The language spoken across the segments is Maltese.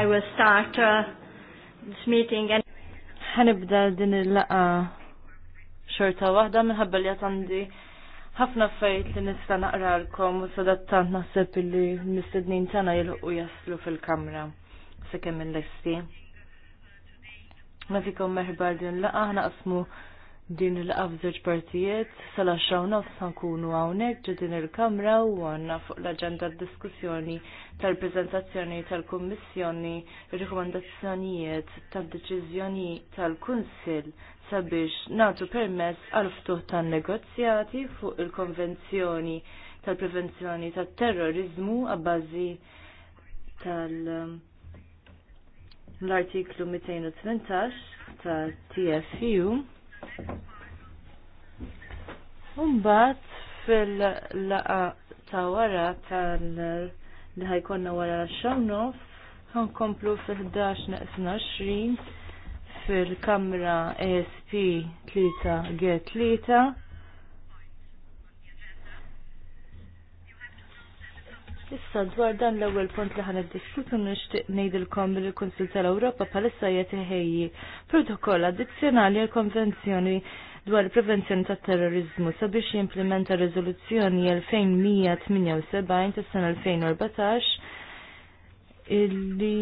I will start uh, this meeting and ħanibda din il-laqa xorta waħda minħabba li għandi ħafna fejt li nista naqralkom u sadattant naħseb li mistednin tana jilħu jaslu fil-kamra sekemm il-lesti. Nafikom meħbar din laqa ħna qasmu din il-qafżuġ partijiet sal-10 nofs ħankunu hawnhekk ġu din il-Kamra u għandna fuq l-aġenda diskussjoni tal-preżentazzjoni tal-Kummissjoni rikomandazzjonijiet tad-deċiżjoni tal-Kunsill sabiex nagħtu permess għal ftuħ tan-negozjati fuq il-Konvenzjoni tal-Prevenzjoni tat-Terrorizmu għabbażi tal- um, l-artiklu 218 ta' TFU Umbat fil-laqa ta' wara tal li ħajkonna wara xawnof ħankomplu fil-11 naqsna 20 fil-kamra ASP 3 G 3 Issa dwar dan l-ewwel punt li ħanet diskutu nixtieq ngħidilkom li l-Kunsil tal-Ewropa bħalissa qed iħejji protokoll addizzjonali għall konvenzjoni dwar prevenzjoni tat terrorizmu sabiex jimplementa riżoluzzjoni 2178 tas-sena 2014 illi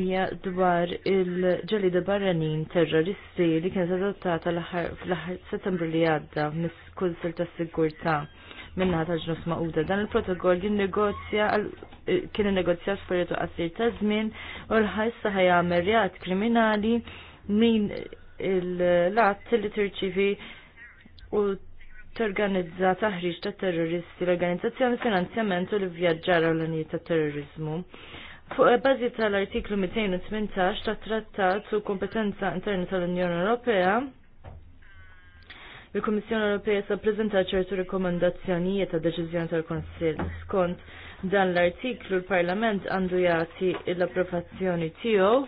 hija dwar il-ġelida barranin terroristi li kienet adottata fl-aħħar settembru li għadda mis-Kunsil tas-Sigurtà minna ta' ġnus ma'uda. Dan il-protokoll jinnegozja eh, kien negozjat f'periodu għasir ta' żmien u l-ħajsa ħajamel reat kriminali min l-att li tirċivi u torganizza taħriġ ta' terroristi l-organizzazzjoni li u l-vjaġġar ta' terrorizmu. Fuq bażi tal-artiklu 218 ta' trattat su kompetenza interna tal-Unjoni Ewropea, il-Kummissjoni Ewropea sa preżentat ċertu rekomandazzjonijiet ta' deċiżjoni tal-Konsill. Skont dan l-artiklu l-Parlament għandu jagħti l-approvazzjoni tiegħu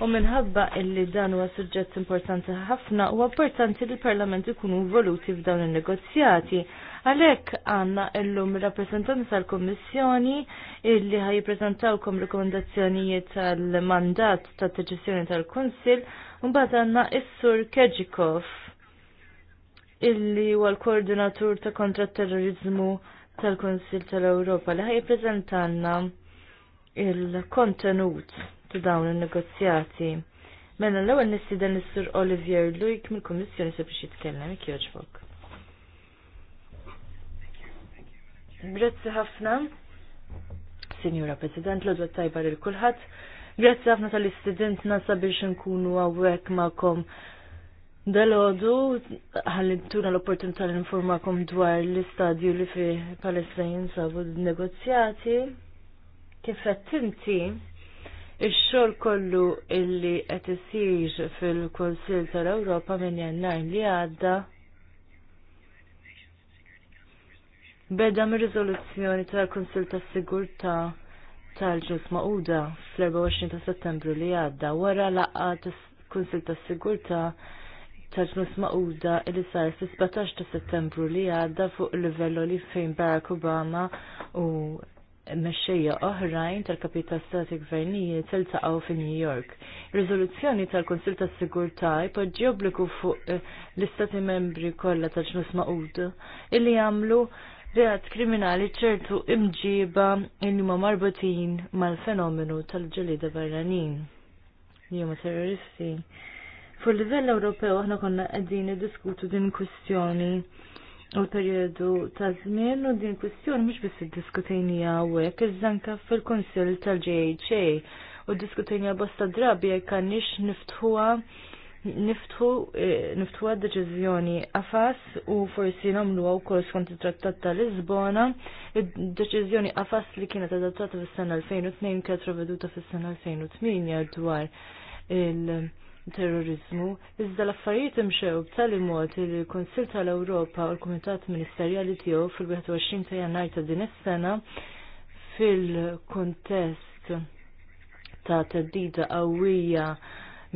U minħabba illi dan huwa suġġett importanti ħafna u importanti li l-Parlament ikunu voluti f'dawn in-negozjati. Għalhekk għandna llum rappreżentanti tal-Kummissjoni illi ħajjippreżentawkom rekomendazzjonijiet tal-mandat tad-deċiżjoni tal-Kunsill u mbagħad għandna is-Sur Keġikov illi huwa l-koordinatur ta' kontra terrorizmu tal-Konsil tal-Ewropa li ħajpreżentanna il-kontenut ta' dawn in-negozjati. Mela l-ewwel nistiden nistur sur Olivier Luik mill-Kummissjoni sabiex jitkellem jogħġbok. Grazzi ħafna, Sinjura President, l-odwa tajba lil kulħadd. Grazzi ħafna tal istidentna sabiex nkunu għawek ma'kom Dal-ħodu, għallintuna l-opportunità li informakom dwar l-istadju li fi palestra jinsabu negozjati. kif għattinti il xol kollu illi qed isir fil-Konsil tal-Ewropa minn jannar li għadda beda mir riżoluzzjoni tal-Konsil tas-Sigurtà tal-ġus Mauda fl-24 ta' Settembru li għadda wara laqgħa tas-Kunsil tas-Sigurtà ta' ġnus maquda li sar fi 17 ta' settembru li għadda fuq livello li fejn Barack Obama u mexxejja oħrajn tal-kapita stati gvernijiet tiltaqgħu fi New York. Riżoluzzjoni tal-Kunsil tas-Sigurtà jpoġġi obbligu fuq eh, l-istati membri kollha ta' ġnus maqud illi jagħmlu reat kriminali ċertu imġiba illi ma marbutin mal-fenomenu tal-ġelida barranin. Jum terroristi. Fu livell Ewropew aħna konna qegħdin diskutu din kwistjoni u perjodu ta' żmien u din kwistjoni mhux biss iddiskutejnija hawnhekk iżda anke fil-Kunsill tal-JHA u diskutejnija bosta drabi jekk għandix niftħuha niftħu e, niftħu deċiżjoni qafas u forsi nagħmluha wkoll skont it-Trattat ta' Lisbona, id-deċiżjoni qafas li kienet adattata fis-sena 2002 kienet reveduta fis-sena 2008 dwar il- terrorizmu, iżda l-affarijiet imxew b'tali mod li l-Konsil tal-Ewropa u l-Kumitat Ministerjali tiegħu fil-21 ta' Jannar ta' din is-sena fil-kontest ta' teddida qawwija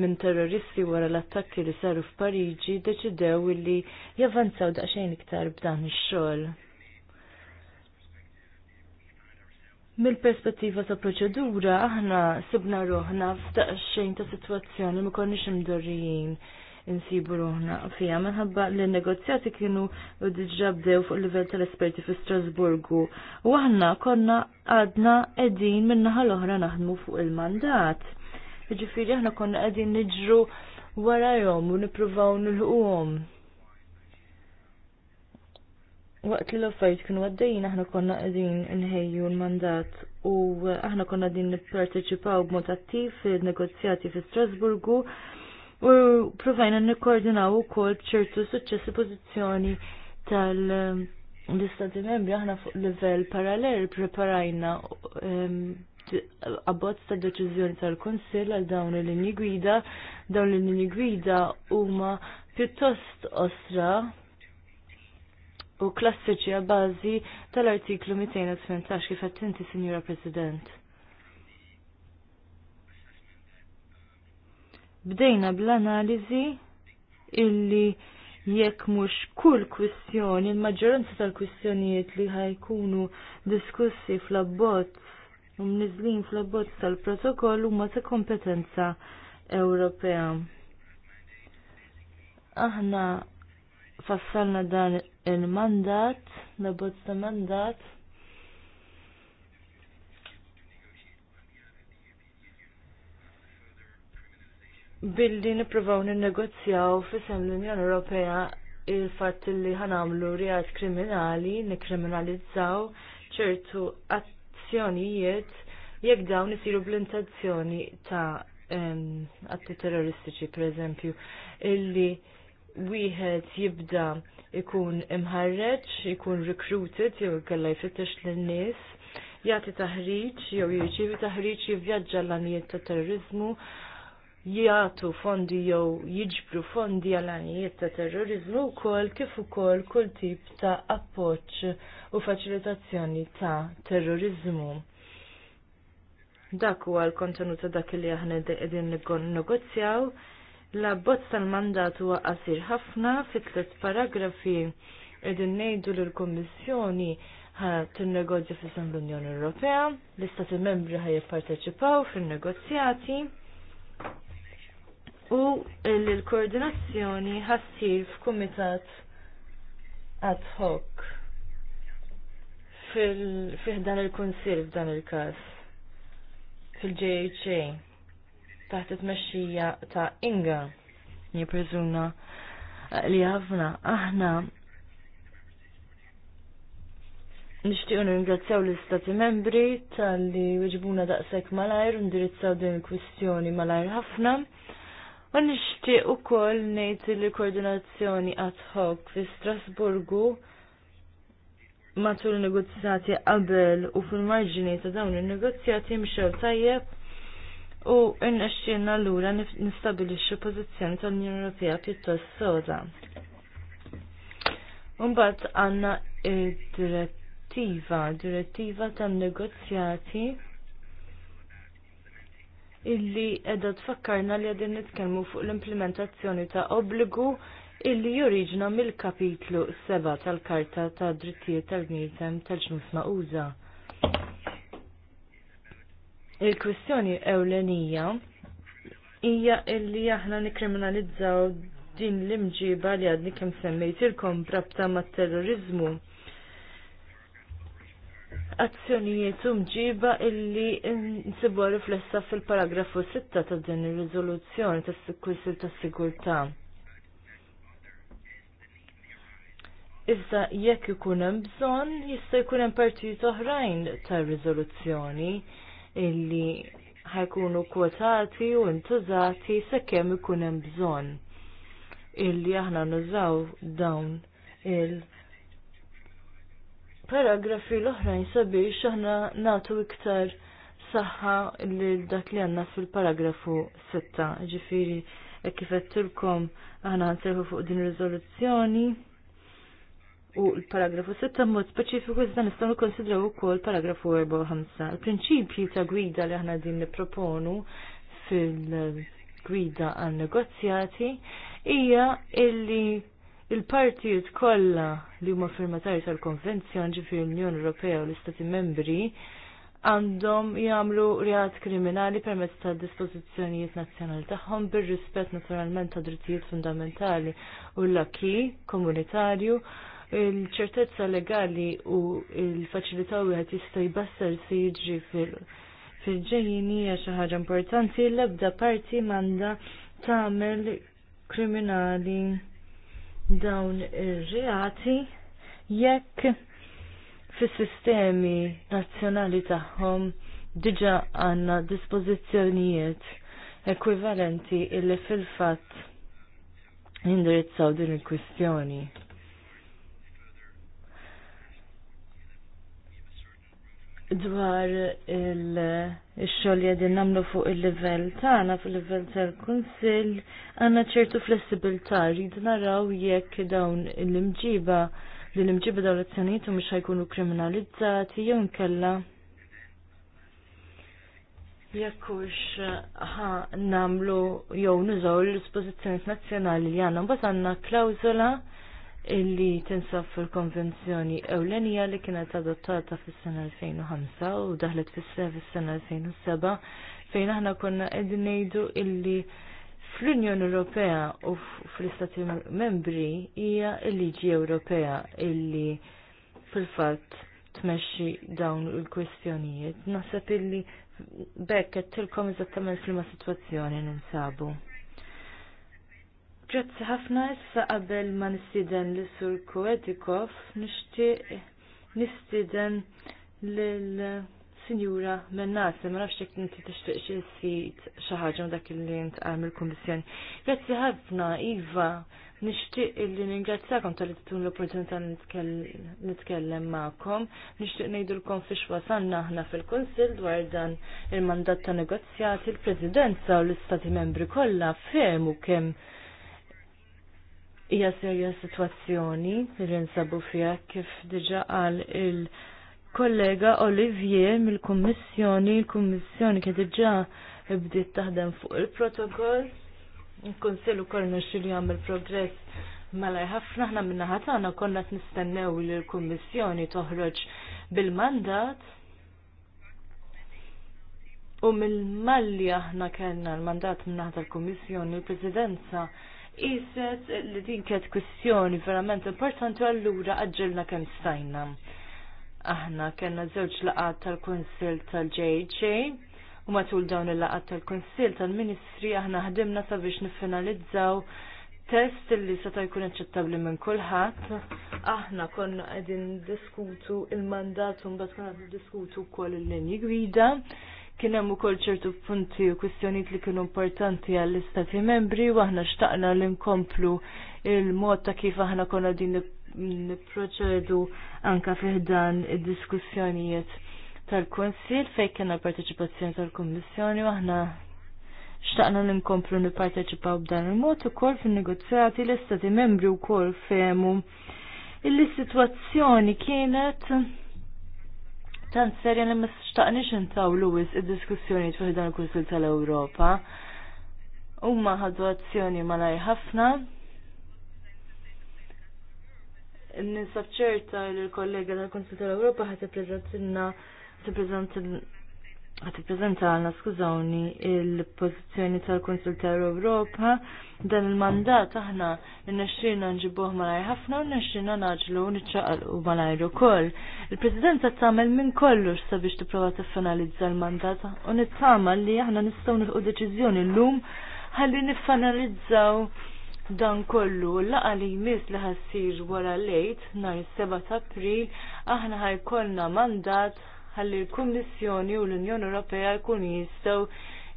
minn terroristi wara l-attakki li saru f'Pariġi deċidew li javvanzaw daqsxejn iktar b'dan ix-xogħol. Mill-perspettiva ta' proċedura, aħna sibna ruħna f'daqsxejn ta' situazzjoni ma konniex imdorrijin insibu ruħna fija minħabba li negozjati kienu diġa bdew fuq livell tal-esperti fi Strasburgu u aħna konna għadna edin minnaħa l-oħra naħdmu fuq il-mandat. Ġifiri aħna konna edin niġru wara jom u nipruvaw nil-qom waqt li l-affarijiet kienu għaddejjin aħna konna qegħdin inħejju l-mandat u aħna konna din nipparteċipaw b'mod attiv fil-negozjati fi Strasburgu u provajna nikkoordinaw ukoll ċertu suċċessi pożizzjoni tal- ehm, l-istati membri aħna fuq livell parallel preparajna ehm, abbozz ta' deċiżjoni tal-Kunsill għal dawn il-linji gwida, dawn il-linji gwida huma pjuttost osra u klassiċi għal bażi tal-artiklu 218 kif attenti, Sinjura President. Bdejna bl-analiżi illi jekk mhux kull kwistjoni, il-maġġoranza tal-kwistjonijiet li ħajkunu diskussi fl-abbozz u mniżlin fl-abbozz tal-protokoll huma ta' kompetenza Ewropea. Aħna fassalna dan il-mandat, la bozza mandat. Billi niprovaw ninnegozjaw fisem l-Unjoni Ewropea il-fatt li ħanamlu rjat kriminali, nekriminalizzaw ċertu azzjonijiet jekk dawn isiru bl-intenzjoni ta' atti terroristiċi, per eżempju, illi wieħed jibda ikun imħarreġ, ikun recruited, jew kalla jfittex lin-nies, jagħti taħriġ jew jirċievi taħriġ jivvjaġġa l-għanijiet ta' terrorizmu, jagħtu fondi jew jiġbru fondi għal għanijiet ta' terrorizmu wkoll kif ukoll kull tip ta' appoġġ u faċilitazzjoni ta' terrorizmu. Dak huwa l-kontenut ta' dak li aħna qegħdin negozjaw. -nego L-abbozz tal-mandat huwa qasir ħafna fit tliet paragrafi qegħdin ngħidu l kummissjoni tinnegozja fisem l-Unjoni Ewropea, l-Istati Membri ħaj jipparteċipaw fin-negozjati u l-koordinazzjoni ħassir f'kumitat ad hoc fil-dan il-Kunsil f'dan il-każ fil-JHA taħt it-mexxija ta' Inga jippreżuna eh, li ħafna aħna nixtiequ ningrazzjaw l-Istati membri tal-li wieġbuna daqshekk malajr indirizzaw din il-kwistjoni malajr ħafna. U nixtieq ukoll ngħid li koordinazzjoni ad hoc fi Strasburgu matul negozjati qabel u fil-marġini ta' dawn in-negozjati mxew tajjeb u rnexxinna lura nistabilixxu pożizzjoni tal-Unjoni Ewropea pjuttost soda. għanna għandna direttiva, direttiva tan-negozjati illi edha tfakkarna li għadin nitkellmu fuq l-implementazzjoni ta' obbligu illi joriġna mill-kapitlu 7 tal-Karta ta' Drittijiet tal-Bnietem tal-ġnus uża il-kwistjoni ewlenija hija illi aħna nikriminalizzaw din l-imġiba li għadni kem semmejtilkom brabta ma' terrorizmu. Azzjonijiet u mġiba illi nsibu riflessa fil-paragrafu 6 ta' din ir-riżoluzzjoni tas-sikwisil tas-sigurtà. Iżda jekk ikun hemm bżonn, jista' jkun hemm partijiet oħrajn tar-riżoluzzjoni illi ħajkunu kwotati u intużati sakemm ikun hemm bżonn illi aħna nużaw dawn il- paragrafi l-oħrajn sabiex aħna nagħtu iktar saħħa lil dak li għandna fil-paragrafu 6, Ġifieri kif qedtilkom aħna nsejħu fuq din ir riżoluzzjoni u l-paragrafu 6 mod speċifiku iżda nistgħu nikkonsidraw ukoll paragrafu 4 Il-prinċipji ta' gwida li aħna din nipproponu fil-gwida għan negozjati hija illi il-partijiet kollha li huma firmatari tal konvenzjon ġifi l-Unjoni Ewropea u l-Istati Membri għandhom jagħmlu reat kriminali permezz ta' dispożizzjonijiet nazzjonali tagħhom bir-rispett naturalment ta' drittijiet fundamentali u l-akki komunitarju il-ċertezza legali u il-faċilità u għet jista' jbassar se jiġri fil-ġejjin hija xi ħaġa importanti l-ebda parti m'għandha tagħmel kriminali dawn ir-reati jekk fis-sistemi nazzjonali tagħhom diġa għandna dispożizzjonijiet ekwivalenti illi fil-fatt indirizzaw din il-kwistjoni. dwar il-xol li namlu fuq il-level tana, fuq il-level tal-konsil, għanna ċertu flessibilta, rridu naraw jekk dawn l-imġiba, l-imġiba dawn l-azzjonijiet mux ħajkunu kriminalizzati, jew nkella. Jekkux ħa namlu jew nużaw l-dispozizjoniet nazzjonali li għanna, mbagħad klawzola illi tinsab fil-konvenzjoni ewlenija li kienet adottata fis-sena 2005 u daħlet fis-sena fis-sena 2007 fejn aħna konna qegħdin ngħidu illi fl-Unjoni Ewropea u fl-Istati Membri hija l-liġi Ewropea illi fil-fatt tmexxi dawn il-kwestjonijiet. Naħseb illi bekk qed tilkom eżattament fil-ma sitwazzjoni ninsabu. Grazzi ħafna issa qabel ma nistiden l sur Koetikov nixtieq nistiden lil Sinjura Mennasi, ma nafx jekk inti tixtieq xi sfid xi ħaġa dak li int mill-Kummissjoni. Grazzi ħafna Iva, nixtieq illi ningrazzjakom tal-li titun l-opportunità nitkellem magħkom. Nixtieq ngħidulkom fix wasanna aħna fil-Kunsill dwar dan il-mandat ta' negozjati, il-Presidenza u l-Istati Membri kollha fehmu kemm hija serja situazzjoni li nsabu fiha kif diġa qal il-kollega Olivier mill-Kummissjoni, il-Kummissjoni kien diġa bdiet taħdem fuq il-protokoll. Il-Kunsell ukoll nexxi li jagħmel progress Mela ħafna ħna minna ħatana konna t-nistennew li l-Kommissjoni toħroġ bil-mandat u mill-malli aħna kellna l-mandat minna ħata l-Kommissjoni l-Presidenza Iset li din kienet kwestjoni verament importanti allura għagġilna kemm stajna. Aħna kellna żewġ laqat tal-Kunsill tal-JJ u matul dawn il-laqat tal-Kunsill tal-Ministri aħna ħdimna sabiex niffinalizzaw test li seta jkun aċċettabbli minn kulħadd. Aħna konna qegħdin diskutu il-mandat u mbagħad konna diskutu wkoll il-linji gwida kien hemm ukoll ċertu punti u kwistjonijiet li kienu importanti għall-istati membri u aħna xtaqna li nkomplu il-mod ta' kif aħna konna din nipproċedu anka fiħdan id-diskussjonijiet tal-Konsil fejn kien l-parteċipazzjoni tal-Kummissjoni u aħna xtaqna li nkomplu nipparteċipaw b'dan il-mod ukoll fin-negozjati l-istati membri wkoll fehmu il situazzjoni kienet tant serja li mistaqnix intaw Lewis id-diskussjoni fuq dan il-Kunsil tal-Ewropa. Umma ħadu azzjoni malajr ħafna. Nisab ċerta l-kollega tal-Kunsil tal-Ewropa ħat ippreżentilna tippreżentilna għati għalna skużawni, il-pozizjoni tal-Konsil ta' europa dan il-mandat aħna n-naxxina nġibuħ malaj ħafna u n-naxxina naġlu u nċaqalqu malajr u Il-Presidenza tamel minn kollox sabiex t-prova t-finalizza l-mandat u n-tamel li aħna nistaw nilqu deċizjoni l-lum ħalli nifanalizzaw dan kollu laqa li jmiss li ħassir wara lejt nar 7 april aħna ħajkolna mandat ħalli l-Kummissjoni u l-Unjoni Ewropea jkunu jistgħu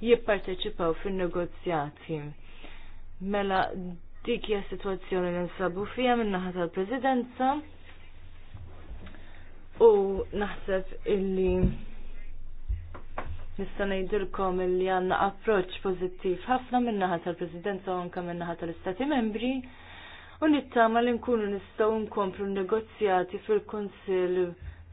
jipparteċipaw fin-negozjati. Mela dik hija sitwazzjoni li nsabu fiha min-naħa tal-Presidenza u naħseb illi nista' ngħidilkom illi għandna approċċ pożittiv ħafna min-naħa tal-Presidenza u anke min-naħa tal-Istati Membri u nittama li nkunu nistgħu nkomplu negozjati fil-Kunsill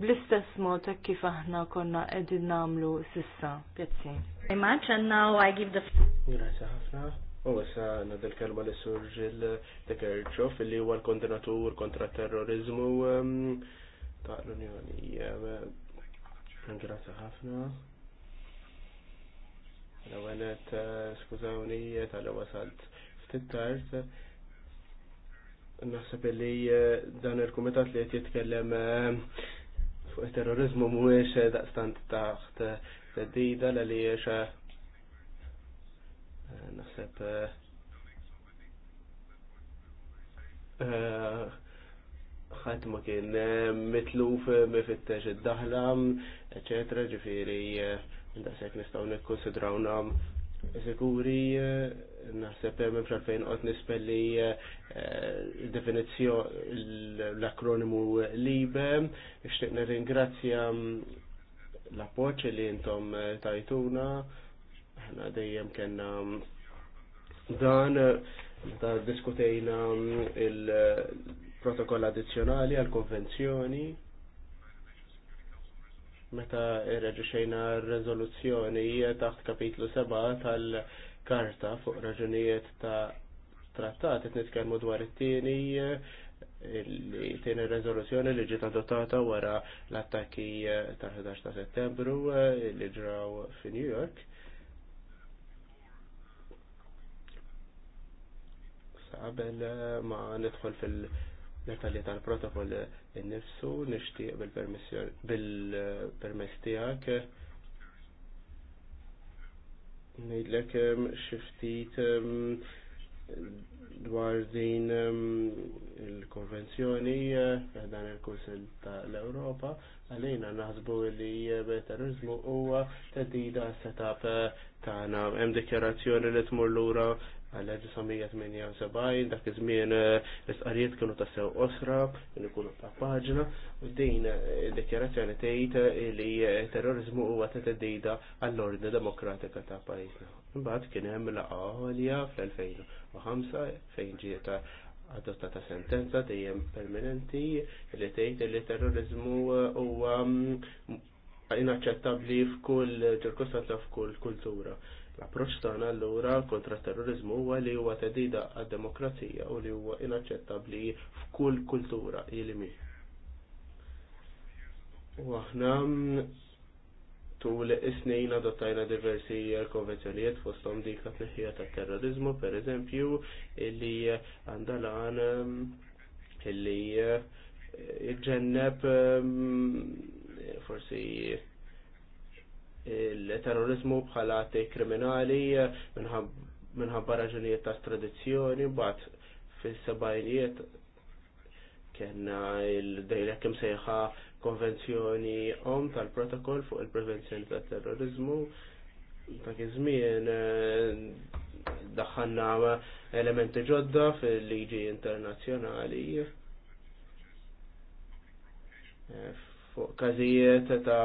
bl-istess mod ta' kif aħna konna qegħdin nagħmlu sissa. Grazzi. Much and now I give the Grazie ħafna. U issa nadel kelma li surġil Tekerċov li huwa l-kondenatur kontra terrorizmu um, ta' l-Unjoni. Um, grazie ħafna. L-għanet, uh, skużawni, tal-għasalt ftit tard naħseb li uh, dan il-kumitat li qed jitkellem um, fuq terrorizmu mhuwiex daqstant taħt teddida l li eh, naħseb eh, ħadd ma kien eh, mitluf mifittex id daħlam eċetera, ġifieri daqshekk nistgħu nikkonsidrawna Siguri eh, naħseb minn fl-2000 qod nispelli eh, definizjo l-akronimu LIBE, ixtiq nirringrazzja mm, l-appoċ li intom eh, tajtuna, ħna dejjem kena mm, dan, ta' diskutejna mm, il-protokoll addizjonali għal-konvenzjoni, meta reġiċejna r-rezoluzzjoni taħt kapitlu 7 tal-karta fuq raġunijiet ta' trattat, qed nitkellmu dwar it-tieni li tieni rezoluzzjoni li ġiet adottata wara l-attakki tal-11 ta' settembru eh, li ġraw fi New York. Sa eh, ma nidħol fil- dettalji tal-protokoll innifsu nixtieq bil-permess tiegħek ngħidlek xi ftit dwar din il-konvenzjoni eh, dan il-Kunsil tal-Ewropa għalina naħsbu li eh, terrorizmu huwa tedida setup eh, tagħna hemm dikjarazzjoni li tmur lura għal-1978 dak iż-żmien eh, l-istqarijiet kienu ta' sew osra, kienu jkunu ta' paġna, u din id eh, dekjarazzjoni tgħid eh, li terrorizmu huwa ta' teddida għall-ordni demokratika ta' pajjiżna. Imbagħad kien hemm laqgħa għolja fl-2005 fejn ġiet adottata sentenza dejjem permanenti li tgħid li terrorizmu huwa mm, inaċċettabbli f'kull ċirkostanza f'kull kultura l approċċ tagħna allura kontra terrorizmu huwa li huwa tedida għad-demokrazija u li huwa inaċċettabbli f'kull kultura ilmi. U aħna tul is-snin adottajna diversi konvenzjonijiet fosthom dik ta' tneħħija tat terrorizmu, pereżempju eżempju, għandha għandalan illi jġenneb mm, forsi il-terrorizmu bħala għati kriminali minħabba raġunijiet ta' tradizzjoni, bat fil-sebajnijiet kena il-dejla kim sejħa konvenzjoni om tal-protokoll fuq il-prevenzjoni ta' terrorizmu ta' kizmien eh, daħħanna elementi ġodda fil-liġi internazjonali eh, fuq kazijiet ta'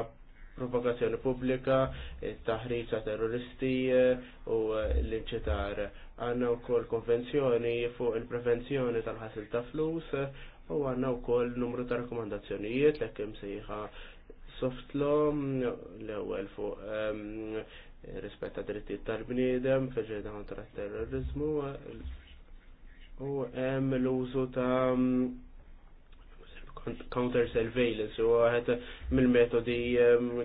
propagazzjoni pubblika, taħriġ ta' terroristi eh, u eh, l-inċitar. Għanna wkoll konvenzjoni fuq il-prevenzjoni tal-ħasil ta' flus eh, u għanna wkoll numru ta' rakkomandazzjonijiet l kem sejħa soft law mm, l-ewwel fuq ehm, rispetta drittijiet tal-bniedem, fil-ġejda terrorizmu, u hemm l-użu ta' mm, counter surveillance u għahet mil metodi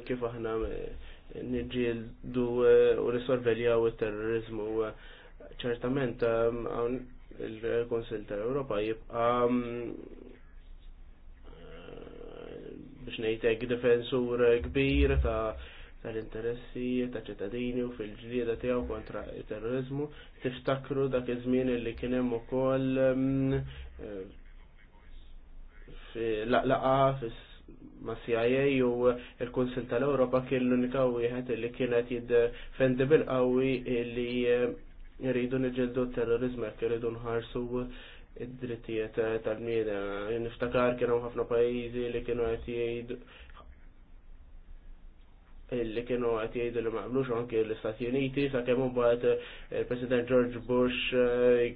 kif aħna eh, nġildu eh, u nisorveljaw il-terrorizmu ċertament il-Konsil tal-Europa jibqa eh, biex nejtek defensur kbir ta' tal-interessi ta' ċittadini u fil-ġlieda tiegħu kontra terrorizmu tiftakru dak iż-żmien li kien hemm ukoll laqlaqa ma' CIA u il konsil tal-Europa kien l-unika wieħed li kienet jiddefendi bil-qawwi li jridu niġildu terrorizm jekk jridu nħarsu id-drittijiet tal-bnieda. Niftakar kien hemm ħafna pajjiżi li kienu qed jgħidu li kienu għat jgħidu li maqblux anki l-Istati Uniti, sa' kemm il-President George Bush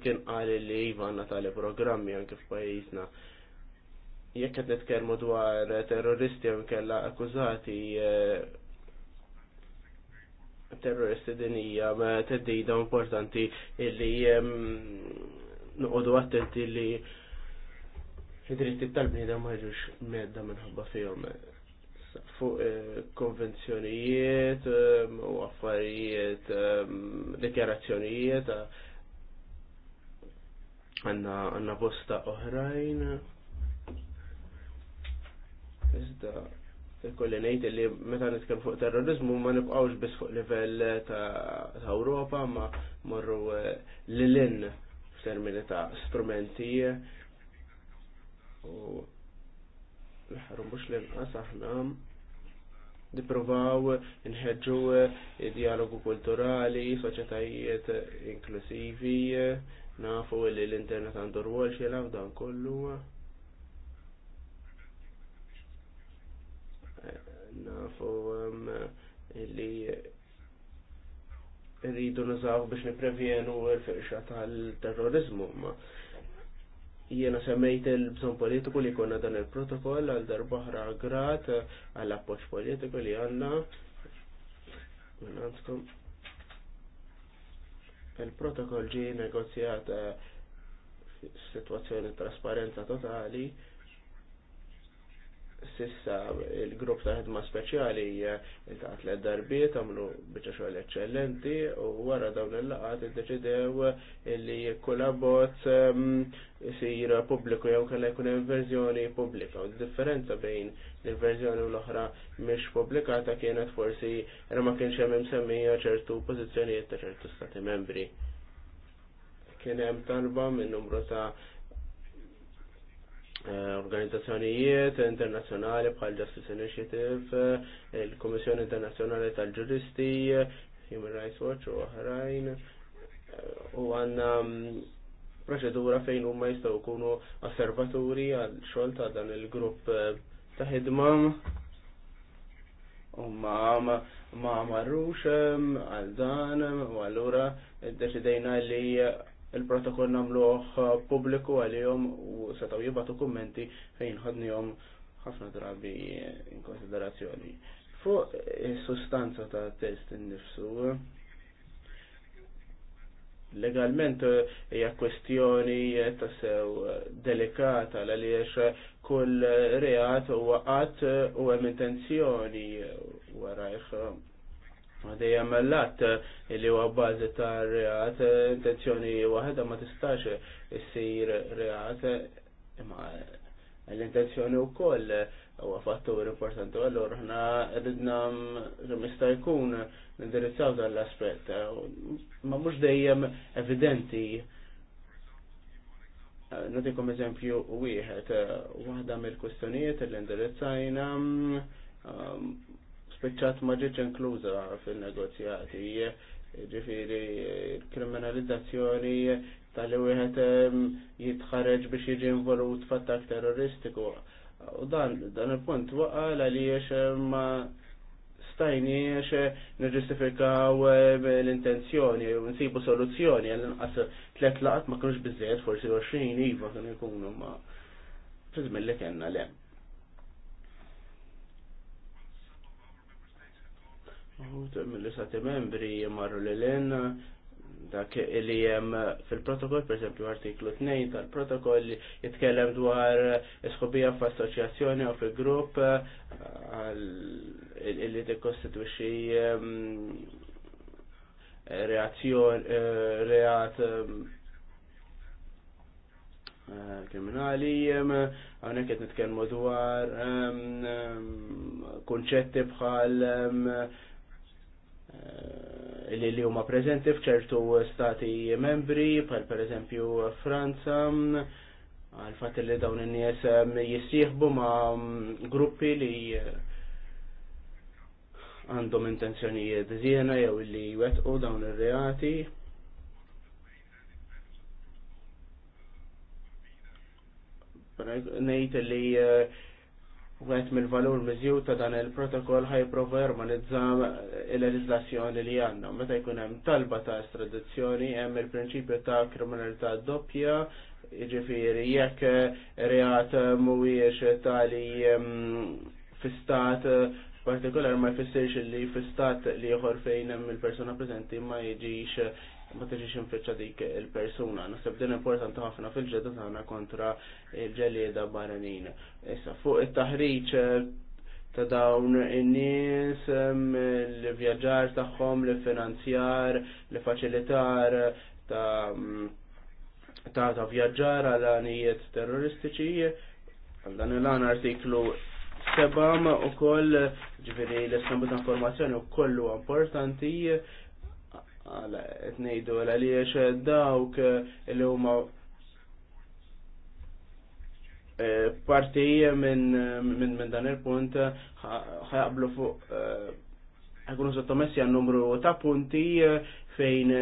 kien qal li jiva għandna tali programmi anke f'pajjiżna jekk qed nitkellmu dwar terroristi jew kellha akkużati eh, terroristi din hija teddida importanti illi ehm, nuqodu attenti li id-dritti tal bnida ma jiġux medda minħabba fihom fuq eh, konvenzjonijiet ehm, u affarijiet ehm, dikjarazzjonijiet eh, għanna posta bosta oħrajn Iżda, il-kolli ngħid li meta nitkellmu fuq terrorizmu ma nibqgħux biss fuq livell ta' Ewropa ma morru eh, lilin f'termini ta' strumenti u naħru mux li inqas aħna nipprovaw nħedġu eh, dialogu kulturali, soċetajiet inklusivi, eh, nafu li l-internet għandu rwol xi dan kollu. nafu um, li rridu nazaw biex niprevjenu l-firxa tal-terrorizmu. Ma jiena semmejt il-bżon politiku li konna dan il-protokoll għal darbaħra grat għal appoċ politiku li għanna. Il-protokoll ġi negozjat eh, situazzjoni trasparenza totali sissa il-grupp ta' ħedma speċjali eh, il-taqat l darbiet għamlu bieċa xogħol eccellenti u wara dawn il-laqat id-deċidew eh, li kollabot ehm, isir pubbliku jew kellha jkun hemm verżjoni pubblika. U differenza bejn il-verżjoni u l-oħra mhix pubblikata kienet forsi era ma kienx hemm semmija ċertu pożizzjonijiet ta' ċertu stati membri. Kien hemm talba minn numru ta' Eh, organizzazzjonijiet internazzjonali bħal Justice Initiative, eh, il-Komissjoni Internazzjonali tal-Ġuristi, Human Rights Watch u oħrajn. Eh, u għanna mm, proċedura fejn huma jistgħu jkunu osservaturi għal xogħol ta' dan il-grupp ta' ħidma. U ma marrux għal dan u allura id-deċidejna li il-protokoll namluħ publiku għalihom u setaw jibatu dokumenti fejn ħadnihom ħafna drabi in konsiderazzjoni. Fuq il sustanza ta' test innifsu legalment hija kwestjoni ta' sew delikata għaliex kull reat u waqat u hemm intenzjoni warajh Ma Dejjem l-att eh, li huwa bażi ta' reat, eh, intenzjoni waħda ma tistax issir reat, eh, imma l-intenzjoni wkoll huwa fattur importanti allura aħna ridna mista jkun nindirizzaw dan l-aspett. Ma mhux dejjem evidenti Nadikom eżempju wieħed, waħda mill-kustonijiet l-indirizzajna mm, um, spiċċat ma ġietx inkluża fil-negozjati. Ġifiri, kriminalizzazzjoni tal wieħed ehm, jitħareġ biex jiġi involut f'attak terroristiku. U dan, dan il-punt waqal għaliex ehm, ma stajniex nirġustifikaw ehm, l-intenzjoni u nsibu soluzzjoni għal inqas tlet laqat ma kienux bizzejed forsi 20 iva kien ikunu ma fizmin li kena lem. Mill-istati membri marru l dak li jem fil-protokoll, per esempio artiklu 2 tal-protokoll jitkellem dwar isħobija f'assoċjazzjoni u fil-grupp li tikkostitwixxi um, reazzjon eh, reat um, eh, kriminali hawnhekk um, qed nitkellmu dwar kunċetti bħal Eh, li li huma prezenti f'ċertu stati membri, per pereżempju Franza, għal fatt li dawn in-nies eh, jissieħbu ma' gruppi li eh, għandhom intenzjonijiet żiena jew li wetqu dawn ir-reati. Ngħid li uh, Għet mill-valur mizju ta' dan il-protokoll ħajprova nizzam il-legislazzjoni li għanna. Meta jkun hemm talba ta' estradizzjoni, hemm il-prinċipju ta' kriminalità doppja, ġifiri jekk reat mhuwiex tali mm, fistat partikolar ma jfissirx li fistat li jħor fejn hemm il-persuna preżenti ma jiġix ma tiġix infirċa dik il-persuna. Nasib din importanti ħafna fil-ġedda tagħna kontra il-ġelieda barranin. Issa fuq it-taħriġ eh, ta' dawn in-nies eh, l-vjaġġar tagħhom, li finanzjar li faċilitar ta' mm, ta' ta' vjaġġar għal anijiet terroristiċi. Dan il-għan artiklu 7 u koll ġviri l-istambu ta' informazzjoni u kollu importanti għala etnejdu għala li eh, dawk eh, li huma eh, partijie minn min, min dan il-punt ħajablu fuq ħakunu sottomessi għan numru ta' punti fejn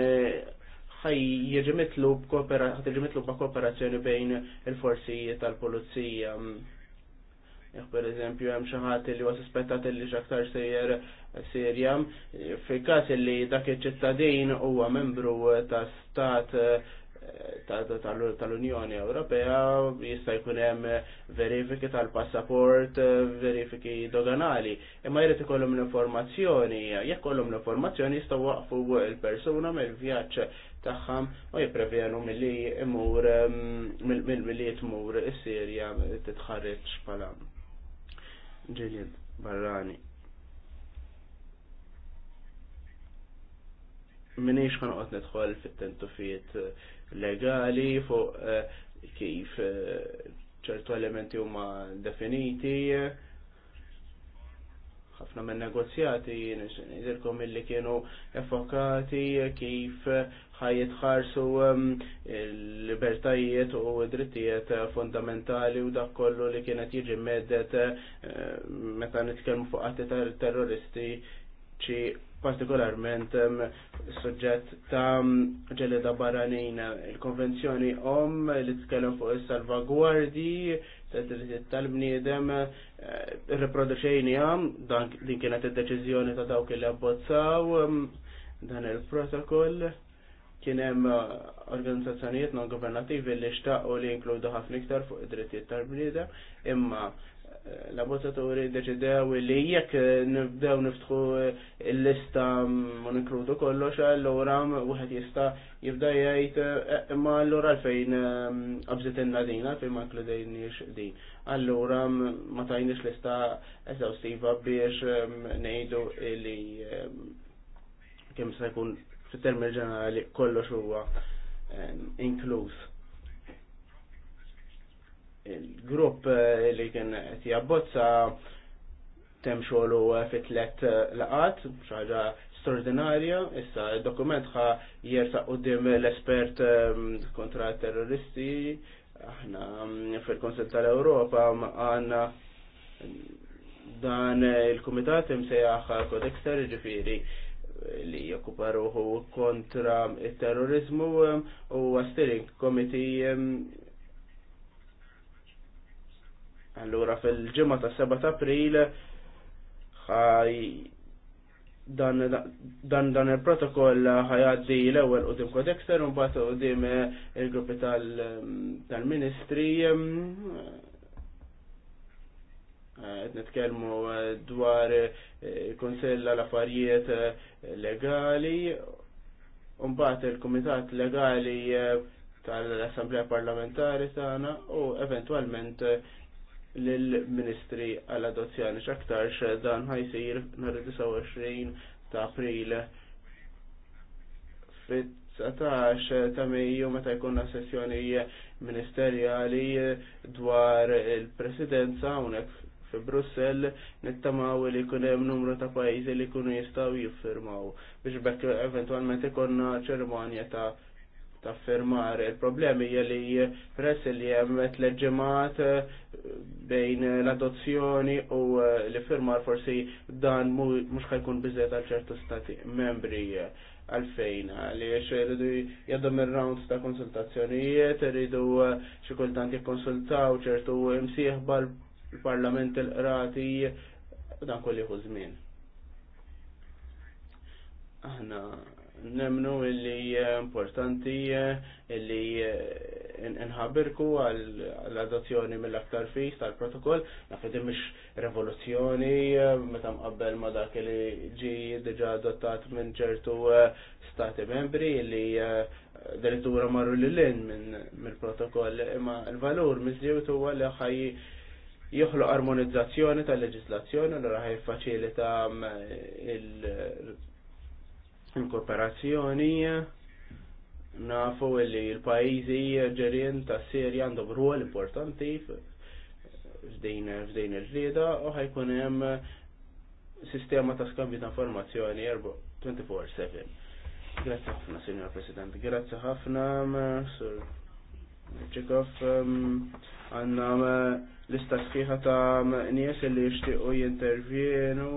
ħaj jieġimitlu b'kooperazzjoni bejn il-forsi tal-polizija. Jek per eżempju hemm xi ħadd li huwa suspettat li x'aktar sejjer serjam, fil-każ li dak iċ-ċittadin huwa membru ta' stat eh, tal-Unjoni Ewropea jista' jkun hemm verifiki tal-passaport, verifiki doganali, imma jrid ikollhom l-informazzjoni, jekk kollhom l-informazzjoni jistgħu waqfu il-persuna mill-vjaġġ tagħhom u jipprevenu milli imur mm, milli tmur is-Sirja titħarreġ bħala. Ġilien Barrani. Minix kan qed nidħol fit-tentufiet eh, legali fuq eh, kif eh, ċertu elementi huma definiti ħafna minn negozjati nidilkom illi kienu effokati kif ħajjet ħarsu um, libertajiet u drittijiet fundamentali u dak kollu li kienet jiġi meddet uh, meta nitkellmu fuq atti terroristi ċi partikolarment um, suġġett ta' um, ġeleda barranin il-konvenzjoni om li tkellem fuq is-salvagwardi tad-drittijiet tal-bniedem uh, reproduċejni dan din kienet id-deċiżjoni ta' dawk li abbozzaw dan il-protokoll Kien hemm eh, organizzazzjonijiet non governattivi li xtaqgħu li jinkludu ħafna iktar fuq id-drittijiet tal-bniedem, imma eh, l-abbozzaturi deċidew li jekk eh, nibdew niftħu l-lista mm, u ninkludu kollox, allura wieħed jista' jibda jgħid imma allura fejn qabżitilna din fejn ma nkludejniex din. Allura mm, ma tajniex lista eżawstiva biex mm, ngħidu li kemm se jkun fit-termel ġenerali kollox huwa inkluż. Il-grupp eh, li kien tija bozza tem xogħlu fit let eh, laqat, xaġa straordinarja, issa il-dokument ħa jersa qudiem l-espert kontra terroristi, aħna fil-Konsil tal-Ewropa għanna dan il-Kumitat imsejjaħ Codex Terri ġifieri li jokkupa ruħu kontra il-terrorizmu um, u steering committee um, allura fil-ġimma ta' 7 april ħaj dan, dan, dan il-protokoll ħajaddi l-ewel u dim kodekster un u dim il-gruppi um, tal-ministri tal ministri Qed nitkellmu eh, dwar eh, konsella l-affarijiet eh, legali, u mbagħad il-kumitat legali tal-Assemblea Parlamentari tagħna u eventwalment lill-Ministri għall-adozzjoni x'aktarx dan ħajsir nhar 29 ta' April fit-19 ta' Mejju meta jkunna sessjoni ministerjali dwar il-Presidenza hawnhekk fi Brussell nittamaw li jkun hemm numru ta' pajjiżi li jkunu jistgħu jiffirmaw biex bekk eventwalment ikonna ċerimonja ta' ta' firmar. Il-problemi hija li press li hemm tleġġemat eh, bejn l-adozzjoni u eh, li firmar forsi dan mhux ħajkun biżejt għal ċertu stati membri għalfejn, li iridu jaddom ir rounds ta' konsultazzjonijiet, rridu eh, xikultant jikonsultaw ċertu msieħ bal il-Parlament il-qrati dan kolli żmien. Aħna nemnu illi importanti illi nħabirku għall-adozzjoni mill-aktar fis tal-protokoll, nafu mish revoluzzjoni meta mqabbel ma dak li ġi diġà adottat minn ċertu eh, stati membri illi eh, direttura marru l lin minn mill-protokoll imma l-valur miżjut huwa li ħaj joħloq armonizzazzjoni tal-leġislazzjoni l ħaj faċilita mm, il korporazzjoni nafu li l-pajizi ġerien ta' Sirja għandhom ruol importanti f'din il rida u ħajkun hemm sistema ta' skambju ta' informazzjoni 24/7. Grazzi ħafna, Signor President. Grazzi ħafna, mm, Sur Ċikov. Mm, Għanna lista sħiħa ta' nies li jixtiequ jintervjenu.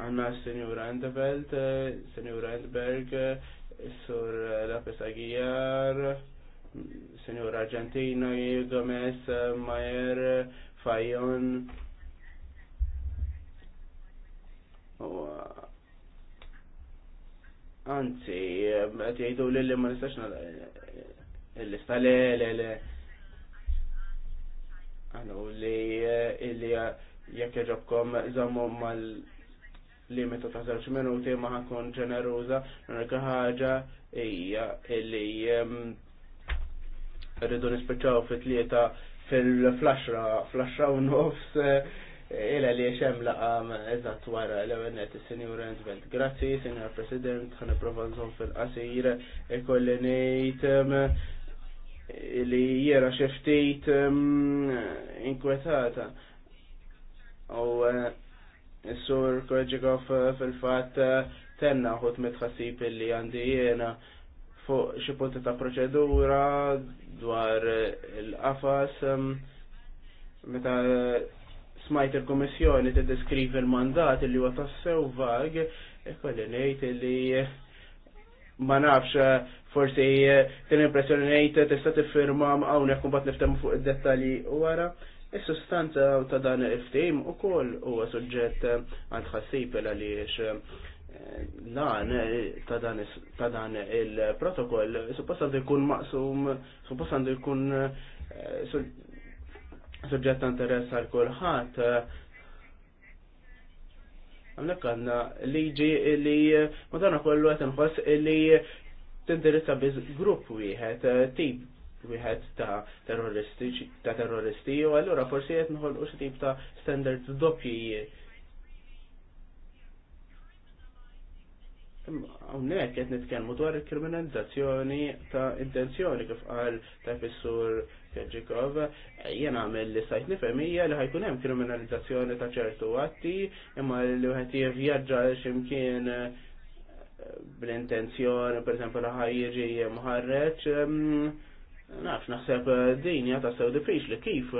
Għanna s-Senjur Andebelt, Senjur Andberg, Sur Lapis Aguiar, Senjur Argentina, Gomez, Mayer, Fajon. Anzi, għat jajdu l li ma nistax l-lista le, le, le għanu li eh, illi eh, jekk jaġobkom zammu mal limitu ta' żewġ minuti ma ħakun ġeneruża, l-unika ħaġa hija ehm, rridu nispiċċaw fit-tlieta fil-flashra, flashra u nofs, eh, ila li xem laqam eżat wara l-għennet il-Senjur Renzbelt. Grazzi, Senjur President, ħan prova fil-qasir, ikolli nejt li jera xeftit ehm, inkwetata. U eh, s-sur Koġikov eh, fil-fat eh, tenna ħut mitħassib li għandi jena fuq xi punti ta' proċedura dwar il-qafas ehm, meta smajt il-Komissjoni tiddeskrivi l-mandat li huwa tassew vag, e kolli ngħid li ma nafx eh, forsi tin eh, impressjoni ngħid eh, tista' tiffirma hawnhekk imbagħad niftehmu fuq id-dettalji wara. Is-sustanza ta' dan il-ftehim ukoll huwa suġġett għand ħassib għaliex lan ta' dan il-protokoll suppost għandu jkun maqsum, suppost għandu jkun suġġett ta' interess għal kulħadd Għamlek għanna liġi li madana kollu għet nħoss li t-interessa biz grupp wieħed, eh, tip wieħed ta' terroristi, ta' terroristi, u għallura forsi għet nħolqu xi tip ta' standard doppji. Għamlek għet nitkelmu dwar il-kriminalizzazzjoni ta' intenzjoni kif qal ta' fissur Serġikov, jena għamil li sajt nifemija li ħajkun hemm kriminalizzazzjoni ta' ċertu għatti, imma li għet jivjaġġa ximkien eh, bl-intenzjoni, per esempio, la ħajġi mħarreċ, mm, nafx naħseb din jata sew diffiċli kif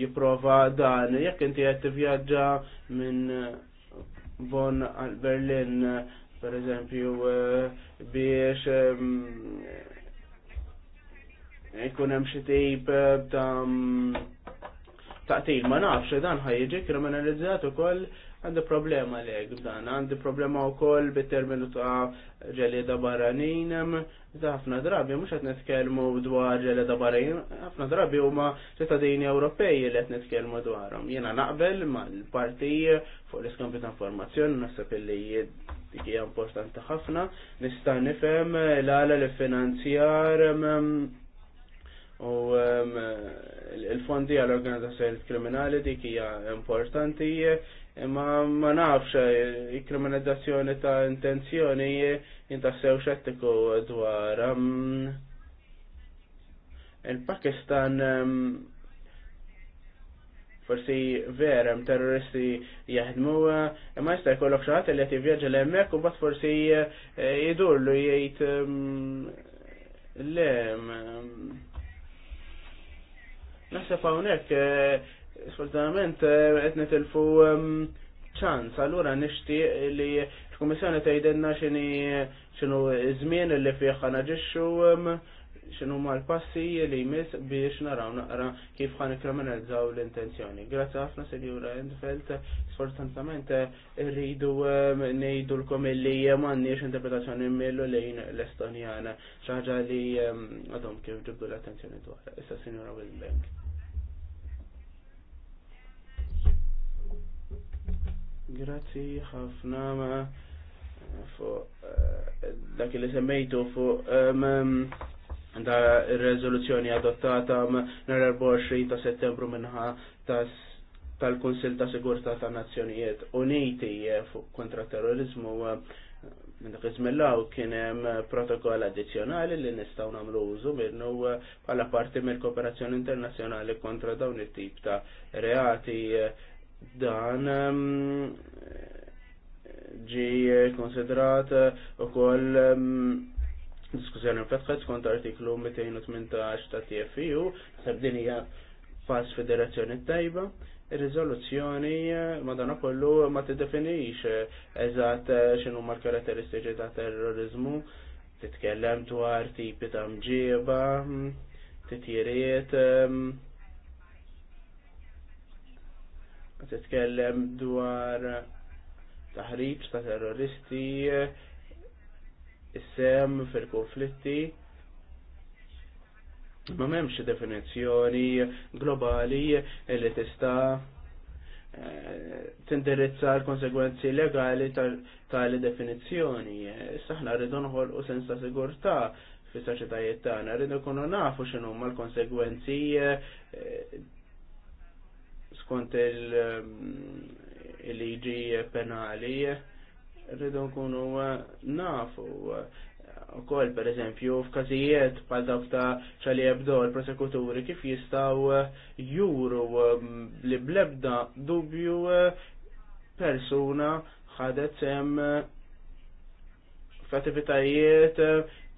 jipprova dan jekk inti qed tivvjaġġa minn Bonn għal Berlin per eżempju eh, biex mm, jkun hemm xi tip eh, ta' mm, taqtil ma nafx eh, dan ħajġi kriminalizzat ukoll għandi problema lek b'dan, għandi problema wkoll bit-terminu ta' ġelieda barranin, ħafna drabi mhux qed nitkellmu dwar ġelieda barranin, ħafna drabi huma ċittadini Ewropej li qed nitkellmu dwarhom. Jiena naqbel mal-partij parti fuq l-iskampju ta' informazzjoni naħseb illi dik hija importanti ħafna, nista' nifhem l-għala li finanzjar mm, U eh, il-fondi għall-organizzazzjoni kriminali dik hija importanti, imma ma nafx eh, il-kriminalizzazzjoni ta' intenzjoni jintassew xettiku dwar. Il-Pakistan forsi verem terroristi jaħdmu, eh, imma jista' jkollok xaħat li qed jivvjaġġa l u bad forsi jidurlu jgħid le Naħseb hawnhekk eh, sfortunatament eh, qed fu ehm, ċans, allura nixtieq li l-Kummissjoni tgħidilna x'inhi x'inhu żmien li fih ġiċu ehm, xinu ma l-passi li jmiss biex naraw naqra kif xan kriminalizzaw l-intenzjoni. Grazzi ħafna Sinjura Endfeld, sfortunatament irridu eh, ehm, ngħidu lkom li m'għandniex interpretazzjoni millu lejn l-Estonjana, xi ħaġa li għadhom kif ġibdu l-attenzjoni dwar. Issa Sinjura Wilbank. Grazzi ħafna ma fuq eh, dak li semmejtu fuq da ir-reżoluzzjoni adottata nar-24 ta' settembru minnħa tal konsil ta' Sigurtà ta' Nazzjonijiet Uniti eh, fuq kontra terrorizmu minn dak iżmillaw kien hemm protokoll addizzjonali li nistgħu nagħmlu użu minnu eh, bħala parti mill-kooperazzjoni internazzjonali kontra dawn it-tip ta' reati Dan ehm, ġi konsidrat ehm, u koll diskussjoni fetħet skont artiklu 218 ta' TFU, sabdin dinija pass federazzjoni tajba, il-rizoluzzjoni eh, madana kollu ma t-definix eżat eh, eh, xinu ma l-karakteristiċi ta' terrorizmu, titkellem dwar tipi ta' mġiba, mm, titjiriet, ehm, titkellem dwar taħriġ ta' terroristi, is-sem fil-konflitti. Ma memx definizjoni globali li tista eh, tindirizza l-konsegwenzi legali tal definizzjoni. Issa rridu nħolqu sens ta' sigurtà fis-soċjetajiet tagħna, rridu kunu nafu x'inhu l-konsegwenzi eh, skont il-liġi ehm, penali rridu nkunu eh, nafu eh, u koll, per eżempju f'każijiet bħal dawk ta' ċali ebdo l-prosekuturi kif jistaw eh, juru ehm, li blebda dubju persuna ħadet sem f'attivitajiet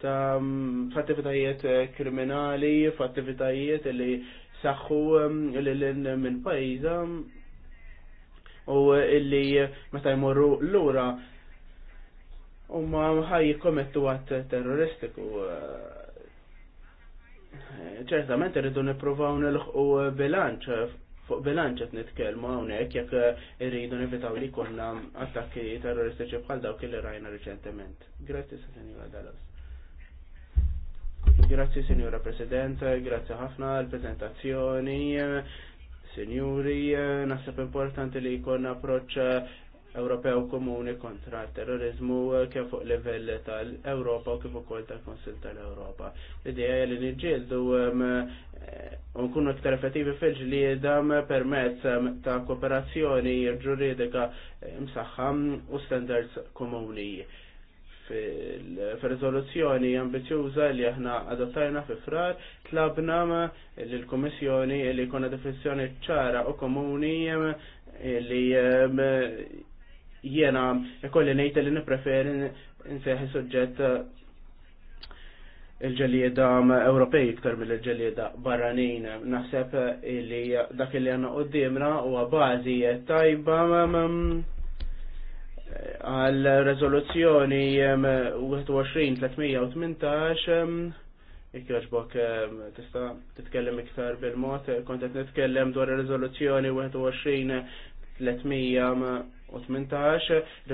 ta' mm, f'attivitajiet kriminali, f'attivitajiet li saħħu l-lin um, minn pajza u uh, illi uh, meta jmorru l-ura u ma ħaj kommettu għat terroristiku uh, ċertament irridu nippruvaw nilħqu bilanċ fuq bilanċ qed nitkellmu hawnhekk jekk irridu nivitaw li konna attakki terroristiċi bħal dawk il rajna riċentement. Grazie Senjora Dallas. Grazzi, Signora President, grazzi ħafna l-prezentazzjoni. Signori, nasab importanti li jkun approċ Ewropew komuni kontra terrorizmu kif fuq livell tal-Ewropa u kif ukoll tal-Konsil tal-Ewropa. L-idea li niġġieldu um, eh, nkunu iktar effettivi fil-ġlieda permezz um, ta' kooperazzjoni ġuridika eh, msaħħam u standards komuni fil-rezoluzzjoni ambizjuża li aħna adottajna fi frar tlabna l-Komissjoni li jkollna definizjoni ċara u komuni li ehm, jiena ikolli ngħid li nippreferi nseħħi suġġett il-ġelieda Ewropej iktar mill-ġelieda barranin. Naħseb li dak li għanna qoddimna huwa bażi tajba għal rezoluzzjoni 21-318 ikjoġbok tista titkellem iktar bil-mod, kontet nitkellem dwar rezoluzzjoni 21-318,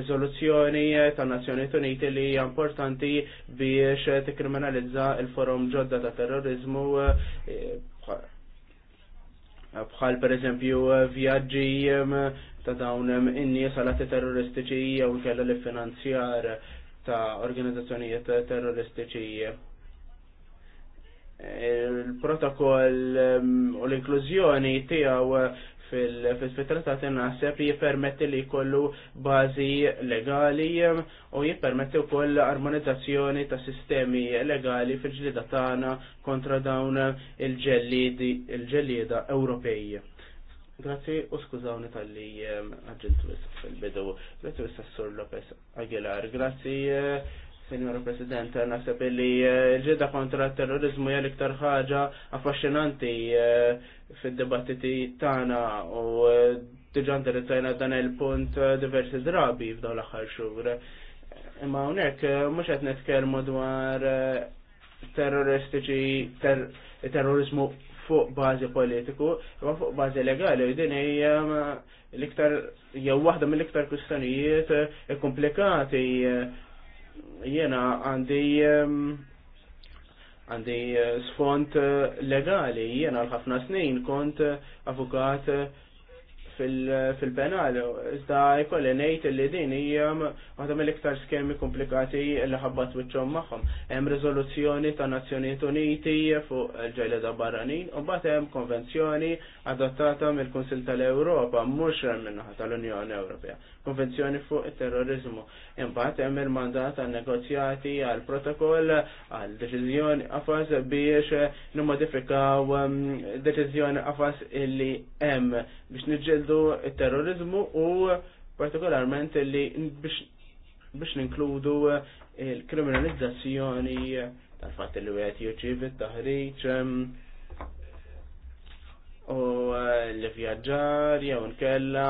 rezoluzzjoni ta' Nazzjoni Uniti li hija importanti biex tikkriminalizza il-forum ġodda ta' terrorizmu eh, bħal per eżempju vjaġġi ta' dawn in-nies għalati terroristiċi jew kellha li finanzjar ta' organizzazzjonijiet terroristiċi. Il-protokoll ehm, u l-inklużjoni tiegħu fil trattati naħseb jippermetti li jkollu bażi legali u jippermetti wkoll armonizzazzjoni ta' sistemi legali fil-ġlida tagħna kontra dawn il-ġellieda Ewropej. Grazzi u skużawni tal-li ehm, għagġiltu fil-bidu. Grazzi s-sassur Lopez Aguilar. Grazzi, eh, Senjora President, naħseb li eh, ġeda kontra terrorizmu jgħal iktar ħaġa affaxxinanti eh, fil-dibattiti tana u diġa dirittajna dan il-punt diversi drabi f'daw l-aħħar xhur. Imma hawnhekk mhux qed nitkellmu dwar terroristiċi terrorizmu fuq bazi politiku, ma fuq bazi legali din hija um, l-iktar jew waħda mill-iktar kwistjonijiet eh, komplikati jiena għandi um, għandi eh, sfond eh, legali jiena l-ħafna snin kont avukat fil-penal, iżda jkolli ngħid li din hija waħda mill-iktar skemi komplikati li ħabbat wiċċhom magħhom. Hemm riżoluzzjoni ta' Nazzjonijiet Uniti fuq il-ġeleda barranin u mbagħad hemm konvenzjoni adottata mill-Kunsil tal-Ewropa mhux minnaħa tal-Unjoni Ewropea. Konvenzjoni fuq it-terrorizmu. Imbagħad hemm il-mandat għan-negozjati għal-protokoll għal-deċiżjoni qafas biex nimmodifikaw mm, deċiżjoni qafas illi hemm biex niġġeldu nġildu il-terrorizmu u partikolarment li biex ninkludu il-kriminalizzazzjoni eh, tal-fat li għet juċib il-taħriċ eh, u eh, l-vjaġġar jew nkella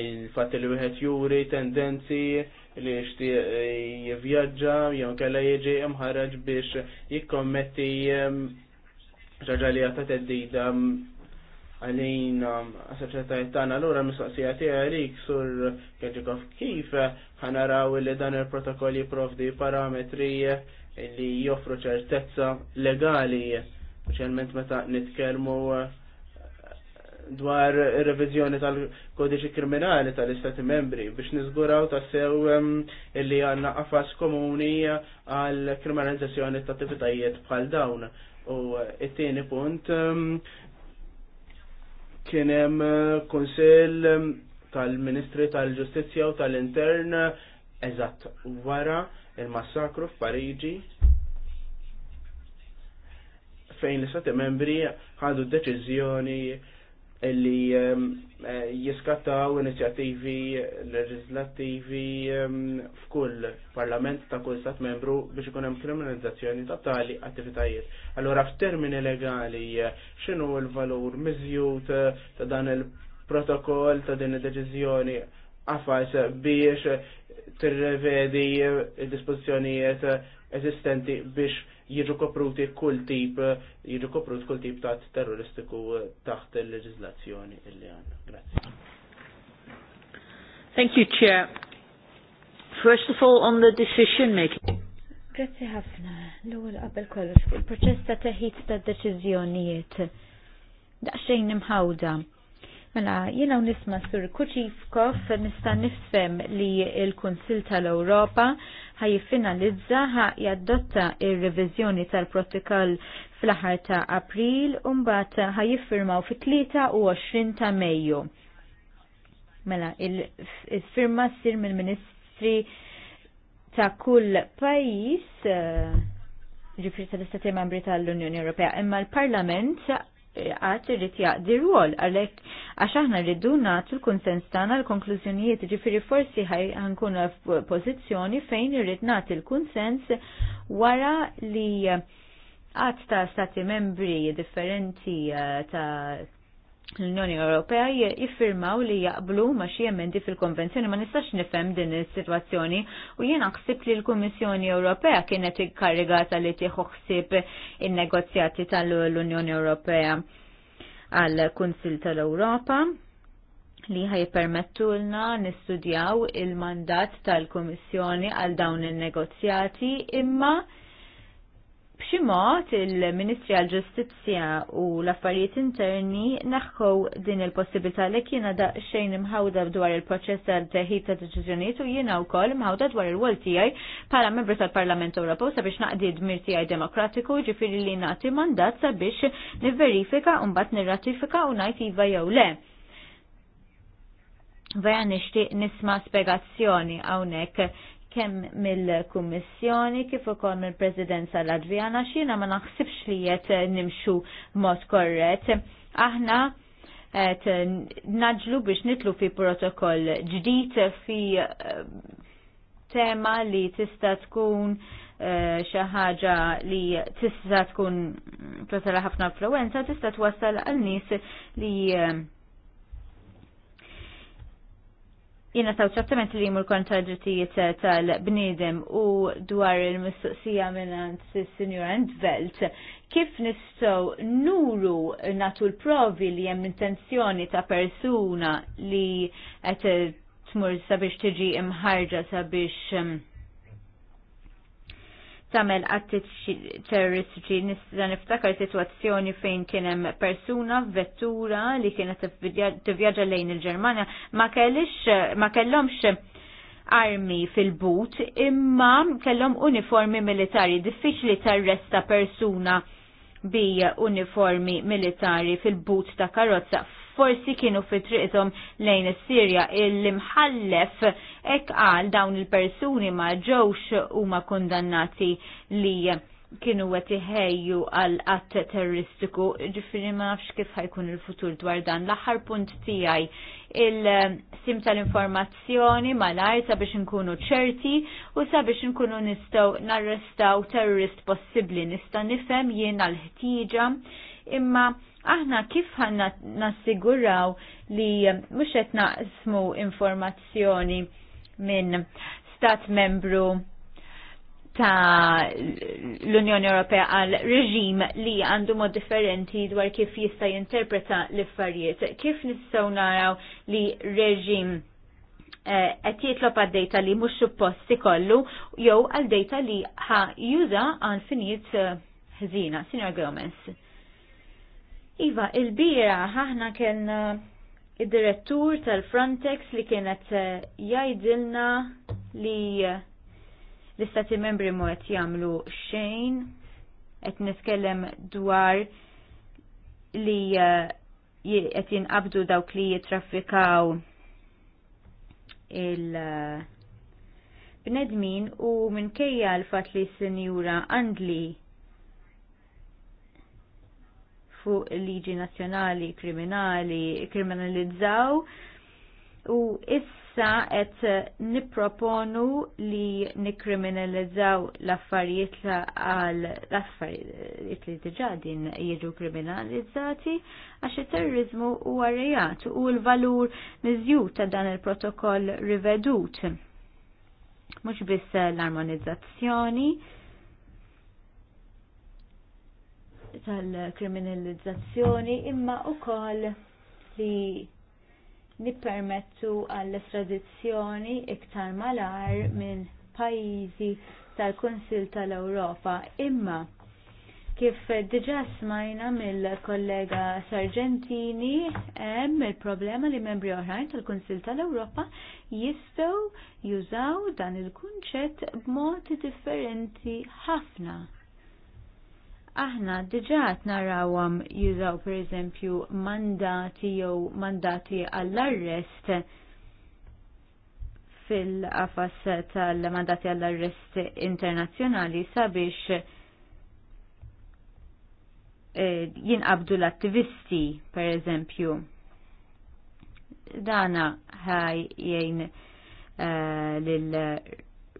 il-fat li wieħed juri tendenzi li xti jivvjaġġa jew nkella jiġi imħarraġ biex jikkommetti ċaġa li għata teddida għalina um, għas-soċjetajiet tagħna allura mistoqsija għalik, sur Kerġikov kif ħanaraw li dan il-protokoll jipprovdi parametri li joffru ċertezza legali, speċjalment meta nitkellmu uh, dwar revizjoni tal-kodiċi kriminali tal-istati membri biex nizguraw ta' sew illi um, għanna għafas komuni għal kriminalizzazzjoni ta' attivitajiet bħal dawn. U uh, it-tieni punt um, kien hemm eh, eh, tal-Ministri tal-Ġustizzja u tal-Intern eh, eżatt wara il-massakru f'Pariġi fejn l-istati membri ħadu deċiżjoni illi um, eh, jiskattaw inizjattivi leġislattivi um, f'kull parlament ta' kull stat membru biex ikun hemm kriminalizzazzjoni ta' tali attivitajiet. Allura f'termini legali eh, x'inhu l-valur miżjud eh, ta' dan il-protokoll ta' din id-deċiżjoni għafas biex tirrevedi id dispozizjonijiet eżistenti biex jiġu kopruti kull tip, jiġu kopruti kull tip ta' terroristiku eh, taħt il-leġizlazzjoni illi għan. Grazie. Thank you, Chair. First of all, on the decision making. Grazie ħafna. L-ewwel qabel kollox il-proċess ta' teħid ta' deċiżjonijiet. Daqsxejn imħawda Mela, jiena nisma sur Kuċifkov nista' nifhem li l-Kunsil tal-Ewropa ħajfinalizza ħa jaddotta ir-reviżjoni tal-protokoll fl-aħħar ta' April u mbagħad ħajjiffirmaw fit-23 ta' Mejju. Mela, il-firma ssir mill-Ministri ta' kull pajjiż eh, ġifri tal-Istati Membri tal-Unjoni Ewropea, imma l-Parlament għat irrit jaqdi rwol għalek għax aħna rridu nagħtu l-kunsens tagħna l-konklużjonijiet ġifiri forsi ħankun f'pożizzjoni fejn irrid nagħti l-kunsens wara li għat ta' stati membri differenti eh, ta' l-Unjoni Ewropea jiffirmaw li jaqblu ma xi emendi fil-konvenzjoni ma nistax nifhem din is-sitwazzjoni u jiena ħsib li l-Kummissjoni Ewropea kienet ikkarigata li tieħu ħsieb in-negozjati tal-Unjoni Ewropea għal Kunsil tal-Ewropa li ħajpermettu lna nistudjaw il-mandat tal-Kummissjoni għal dawn in-negozjati imma B'xi mod il-Ministri għal ġustizzja u l-affarijiet interni naħħu din il-possibilità li kiena daqsxejn imħawda dwar il-proċess tal teħid ta' deċiżjonijiet u jiena wkoll imħawda dwar il-wol tiegħi bħala membru tal-Parlament Ewropew sabiex naqdi d-dmir tiegħi demokratiku ġifieri li nagħti mandat sabiex nivverifika u mbagħad nirratifika u ngħid iva jew le vera nishtiq nisma spjegazzjoni hawnhekk kemm mill-Kummissjoni kif ukoll mill-Presidenza Latvjana xina ma naħsibx li qed nimxu mod korrett. Aħna qed naġlu biex nitlu fi protokoll ġdid fi eh, tema li tista' tkun eh, xi ħaġa li tista' tkun tasal ħafna influenza tista' twassal għal nies li eh, jina taw ċattament li jimur kontra tal-bnidem u dwar il-mistoqsija minnant s-Sinjur Entvelt, kif nistow nuru natu l-provi li jem intenzjoni ta' persuna li għet tmur sabiex tiġi imħarġa sabiex um, tamel atti terroristiċi nista niftakar situazzjoni fejn kienem persuna vettura li kienet tivvjaġġa lejn il-Ġermanja ma kellix ma kellhomx armi fil-but imma kellhom uniformi militari diffiċli tarresta persuna bi uniformi militari fil-but ta' karozza forsi kienu fi triqithom lejn is-Sirja il-imħallef ek għal dawn il-persuni ma ġewx huma kundannati li kienu għet iħejju għal att terroristiku, ġifiri ma nafx kif ħajkun il-futur dwar dan. L-aħħar punt tijaj, il-sim tal-informazzjoni ma' għar sabiex nkunu ċerti u sabiex nkunu nistaw narrestaw terrorist possibli nista nifem jien għal-ħtijġa imma aħna kif ħanna nassiguraw li eh, mhux qed naqsmu informazzjoni minn stat membru ta' l-Unjoni Ewropea għal reġim li għandu mod differenti dwar kif jista' jinterpreta l-affarijiet. Kif nistgħu naraw li reġim eh, qed jitlob għad dejta li mhux suppost ikollu jew għal dejta li ħa juża għal finijiet eh, ħżina. Sinjor Gomez. Iva, il-bira ħahna kien eh, id-direttur tal-Frontex li kienet eh, jajdilna li eh, l-istati membri mu għet jamlu xejn, għet nitkellem dwar li għet jinqabdu dawk li jitraffikaw il- bnedmin u minkejja l-fat li s-senjura Andli fuq liġi nazzjonali kriminali kriminalizzaw u issa qed nipproponu li nikkriminalizzaw l-affarijiet għal l-affarijiet li diġà din jiġu kriminalizzati għax it-terrorizmu huwa rejat u l-valur miżjud ta' dan il-protokoll rivedut. Mhux biss l-armonizzazzjoni, tal-kriminalizzazzjoni imma wkoll li nippermettu għall-estradizzjoni iktar malar minn pajjiżi tal-Kunsil tal-Ewropa imma kif diġa smajna mill-kollega Sargentini hemm il-problema li membri oħrajn tal-Kunsil tal-Ewropa jistgħu jużaw dan il-kunċett b'mod differenti ħafna aħna diġat narawam jużaw per eżempju mandati jew mandati għall-arrest fil-qafas tal-mandati għall-arrest internazzjonali sabiex eh, jinqabdu l-attivisti per eżempju. Dana ħaj jgħin uh, lil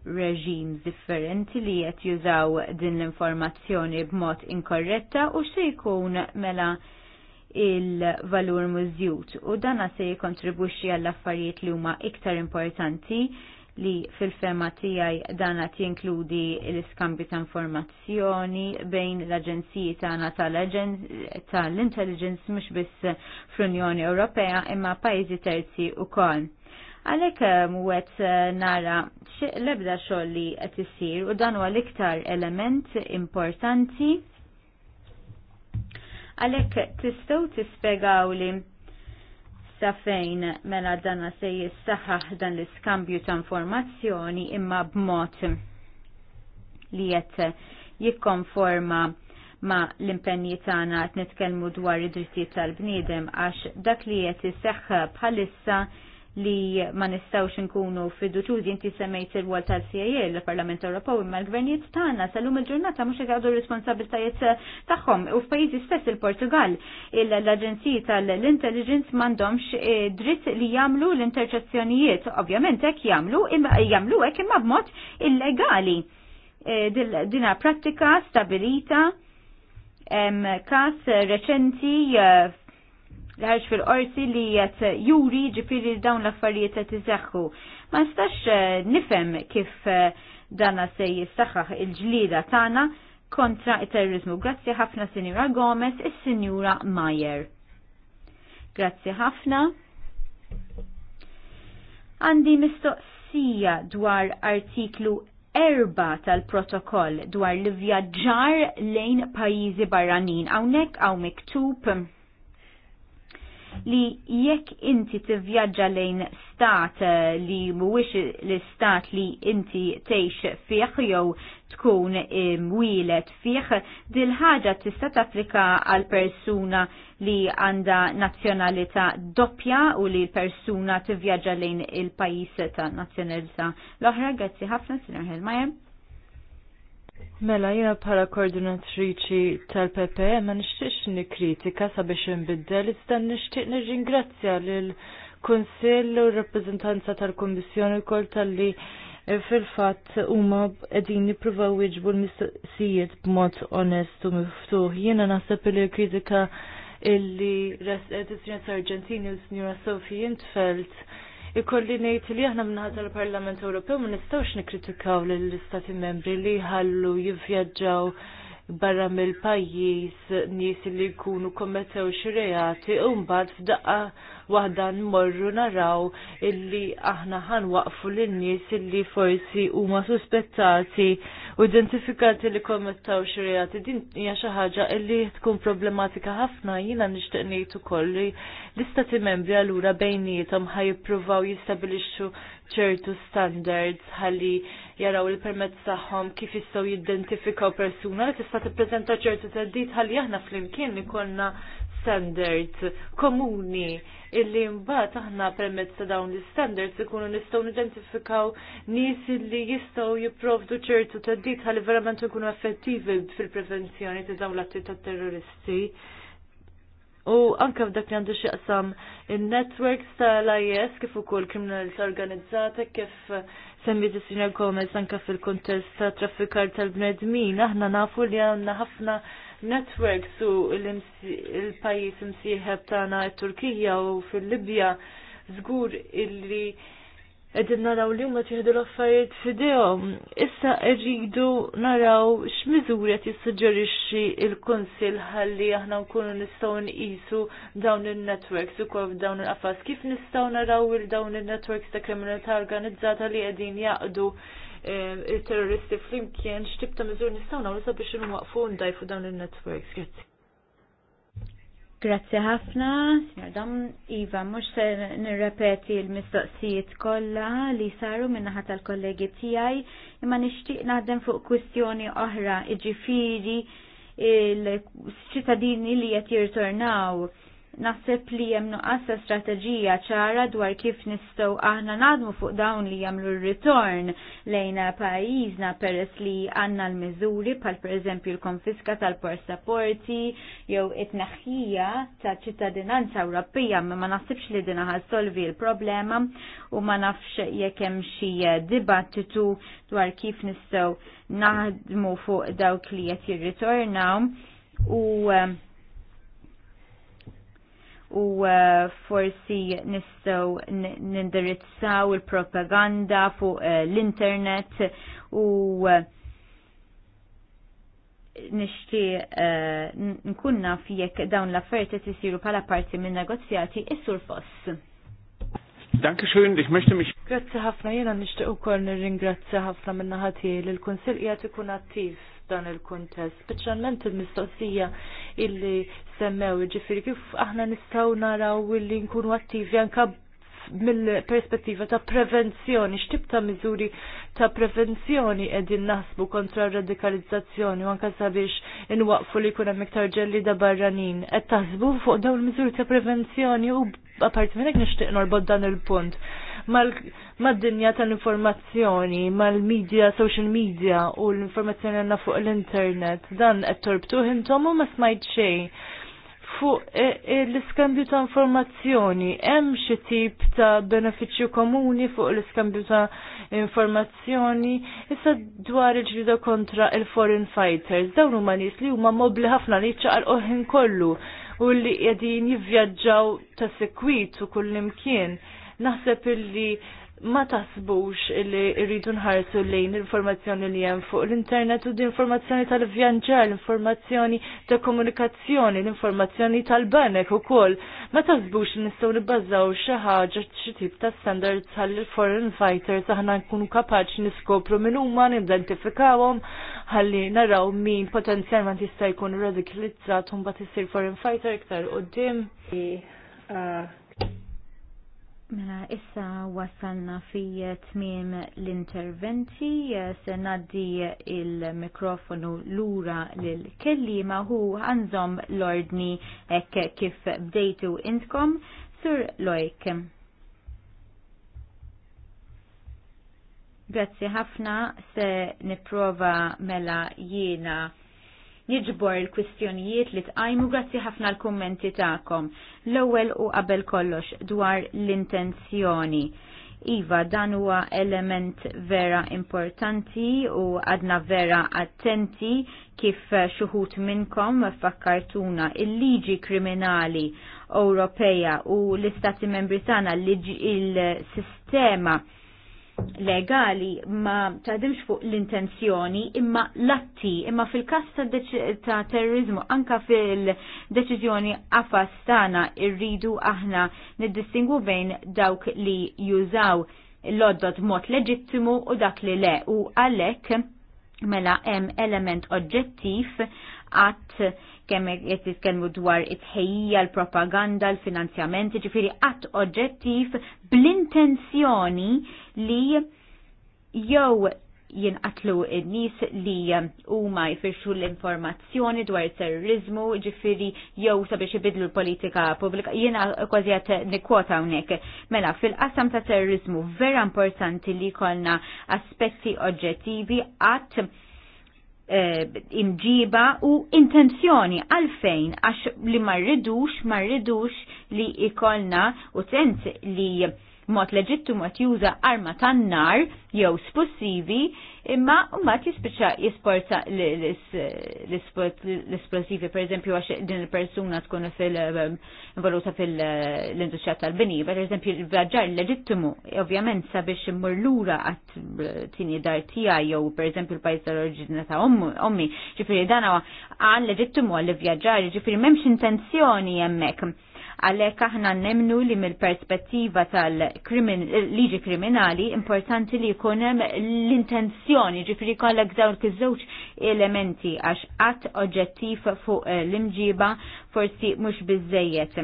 regimes differenti li qed jużaw din l-informazzjoni b'mod inkorretta u xe jkun mela il-valur mużjut u dana se jikontribuxi għall affarijiet li huma iktar importanti li fil-fema tiegħi dana tinkludi l-iskambju ta' informazzjoni bejn l-aġenziji tagħna tal-intelligence mhux biss fl-Unjoni Ewropea imma pajjiżi terzi wkoll Għalek eh, muwet eh, nara lebda xoll li qed isir u dan huwa l-iktar element importanti. Għalek tistgħu tispjegaw li safejn mela dana se jissaħħaħ dan l-iskambju ta' informazzjoni imma b'mod li qed jikkonforma ma l-impenji tagħna qed nitkellmu dwar id-drittijiet tal-bniedem għax dak li qed iseħħ bħalissa li ma nistawx nkunu fiduċużi inti semmejt il-wol tal-CIA l-Parlament Ewropew imma l-gvernijiet tagħna sal-lum il-ġurnata mhux jgħadu responsabiltajiet eh, tagħhom u f'pajjiżi stess il-Portugal l-Aġenziji tal-Intelligence m'għandhomx eh, dritt li jagħmlu l-interċezzjonijiet. Ovvjament hekk jagħmlu jagħmlu hekk imma b'mod illegali. Eh, dina prattika stabilita kas reċenti li ħarġ fil-qorti li jgħat juri ġifiri dawn l-affarijiet qed iseħħu. Ma nistax eh, nifhem kif eh, dana se jistaxħax il-ġlida tagħna kontra il-terrorizmu. Grazzi ħafna Sinjura Gomez e Sinjura Mayer. Grazzi ħafna. Għandi mistoqsija dwar artiklu erba tal-protokoll dwar l-vjaġġar lejn pajjiżi barranin. Hawnhekk hawn miktub li jekk inti tivvjaġġa lejn stat eh, li mhuwiex l-istat li inti tgħix fih jew tkun eh, mwilet fih, dil ħaġa tista' tapplika għal persuna li għandha nazzjonalità doppja u li persuna tivvjaġġa lejn il-pajjiż ta' nazzjonalità l-oħra. Grazzi ħafna, Sinjor Helmajer. Mela, jina bħala koordinatriċi tal pp e, ma nixtiex kritika sabiex istan iżda nixtieq nirringrazzja l kunsill u rappresentanza rappreżentanza tal-Kummissjoni wkoll tal-li fil-fatt huma qegħdin nippruvaw wieġbu l-mistoqsijiet b'mod onest u miftuħ. Jiena naħseb li kritika illi is-Sinja Sargentini u Sinjura Sofi Intfeld ikolli ngħid li aħna minħata l-Parlament Ewropew ma nistgħux nikkritikaw lill-Istati Membri li jħallu jivvjaġġaw barra mill-pajjiż nies li jkunu kommettew xi reati u mbagħad f'daqqa waħda nmorru naraw illi aħna ħanwaqfu lin-nies illi forsi huma suspettati u identifikati li kommettaw xirjati din hija xi ħaġa li tkun problematika ħafna jiena nixtieq ngħid ukoll li l-istati membri allura bejnietom ħajjippruvaw jistabilixxu ċertu standards ħalli jaraw il-permezz tagħhom kif jistgħu jidentifikaw persuna li tista' tippreżenta ċertu teddid ħalli aħna flimkien li konna standard komuni illi mbagħad aħna permezz ta' dawn l-standards ikunu nistgħu nidentifikaw nies illi jistgħu jipprovdu ċertu teddit ħalli verament ikunu effettivi fil-prevenzjoni ta' dawn l-atti ta' terroristi. U anke f'dak li għandu xieqsam il-networks tal-IS kif ukoll kriminalità organizzata kif semmi sinja Gomez anke fil-kontest ta' traffikar tal-bnedmin, aħna nafu li għandna ħafna network su l-pajis imsieħeb tagħna t-Turkija u fil-Libja żgur illi Edin naraw li huma tieħdu l-affarijiet f'idejhom. Issa rridu naraw x'miżuri qed jissuġġerixxi l-Kunsill ħalli aħna nkunu nistgħu nqisu dawn il networks ukoll dawn il affas Kif nistgħu naraw il dawn il networks ta' kriminalità organizzata li qegħdin jaqdu il-terroristi flimkien x'tib ta' miżur nistgħu nagħmlu sabiex inwaqfu ndajfu dawn il-networks. Grazzi. Grazzi ħafna, signor Dam. Iva, mux se nirrepeti l-mistoqsijiet kollha li saru minnaħa tal-kollegi tiegħi, imma nixtieq naħdem fuq kwistjoni oħra, iġifiri, il-ċittadini li qed jirtornaw naħseb li hemm nuqqas strateġija ċara dwar kif nistgħu aħna nadmu fuq dawn li jagħmlu r-ritorn lejn pajjiżna peress li għandna l-miżuri bħal pereżempju l-konfiska tal-passaporti jew it-naħħija ta' ċittadinanza Ewropija ma ma naħsibx li din solvi l-problema u ma nafx jekk hemm xi dibattitu dwar kif nistgħu naħdmu fuq dawk li qed jirritornaw u um, u eh, forsi nistgħu nindirizzaw il-propaganda fuq eh, l-internet u eh, nishti nkunna fijek dawn l-affariet jisiru pala parti minn negozjati is-sur foss. Dankeschön, ich möchte mich. Grazzi ħafna jena nishtiq ukoll nirringrazzja ħafna minn ħati li l-Kunsill qiegħed ikun attiv f'dan il-kuntest, speċjalment il-mistoqsija illi semmew ġifiri kif aħna nistgħu naraw illi nkunu attivi anke mill-perspettiva ta' prevenzjoni, x'tib ta' miżuri ta' prevenzjoni qegħdin naħsbu kontra r radikalizzazzjoni u anke sabiex inwaqfu li jkun hemm iktar ġellida barranin. Qed taħsbu fuq dawn il-miżuri ta' prevenzjoni u apparti minn hekk nixtieq norbod dan il-punt mad-dinja tal-informazzjoni, mal-media, social media u l-informazzjoni għanna fuq l-internet. Dan qed torbtuħ intom u ma smajt xej. fuq e, e, l-iskambju ta' informazzjoni, hemm xi tip ta' benefiċċju komuni fuq l-iskambju ta' informazzjoni, issa dwar il-ġrida kontra il-foreign fighters, dawn huma nies li huma mobli ħafna li ċaqal kollu u li qegħdin jivvjaġġaw ta' sekwit u kull imkien naħseb illi ma tasbux illi rridu nħarsu lejn l-informazzjoni li hemm fuq l-internet u l-informazzjoni tal-vjanġar, l-informazzjoni ta' komunikazzjoni, l-informazzjoni tal-banek ukoll. Ma tasbux li nistgħu nibbażaw xi ħaġa xi tip ta' standards għall foreign fighters aħna nkunu kapaċi niskopru minn huma nidentifikawhom ħalli naraw min potenzjalment jista' jkun radikalizzat u mbagħad isir foreign fighter iktar quddiem. Eh, ah, Mela, issa wasalna fi tmiem l-interventi, se naddi il-mikrofonu lura l-kellima hu għanżom l-ordni ek kif bdejtu intkom, sur lojk. Grazzi ħafna se niprofa mela jiena jiġbor il-kwistjonijiet li tqajmu grazzi ħafna l-kummenti tagħkom. L-ewwel u qabel kollox dwar l-intenzjoni. Iva, dan huwa element vera importanti u għadna vera attenti kif xuħut minnkom fakkartuna il-liġi kriminali Ewropeja u l-Istati Membri tagħna il-sistema il sistema legali ma taħdimx fuq l-intenzjoni imma latti, imma fil-kas ta', ta terrorizmu anka fil-deċizjoni afastana irridu aħna niddistingu bejn dawk li jużaw l-oddod mod leġittimu u dak li le u għalek mela hemm element oġġettiv għat kemm qed titkellmu dwar it-ħejja, l-propaganda, l-finanzjament, ġifieri qatt oġġettiv bl-intenzjoni li jew jinqatlu n-nies li huma jfirxu l-informazzjoni dwar terrorizmu, ġifiri jew sabiex ibidlu l-politika pubblika, jiena kważi qed nikkwota hawnhekk. Mela fil-qasam ta' terrorizmu vera importanti li jkollna aspetti oġġettivi qatt Eh, imġiba u intenzjoni għalfejn għax li marridux, marridux li ikolna u sens li mod leġittu mot juża arma tan-nar jew spussivi imma mbagħad jispiċċa jisporta l-esplosivi pereżempju għax din il-persuna tkun fil-involuta um, fil-industrija tal-bini, pereżempju l-vjaġġar leġittimu, ovvjament sabiex immur lura għat tini dar tiegħi jew pereżempju l-pajjiż tal-oriġina ta' ommi, ġifieri dan għan leġittimu għall-vjaġġar, ġifiri, m'hemmx intenzjoni hemmhekk Għalhekk aħna nemnu li mill-perspettiva tal-liġi kriminali importanti li jkun hemm l-intenzjoni, ġifri kollek dawk iż-żewġ elementi għax qatt oġġettiv fuq eh, l-imġiba forsi mhux biżejjed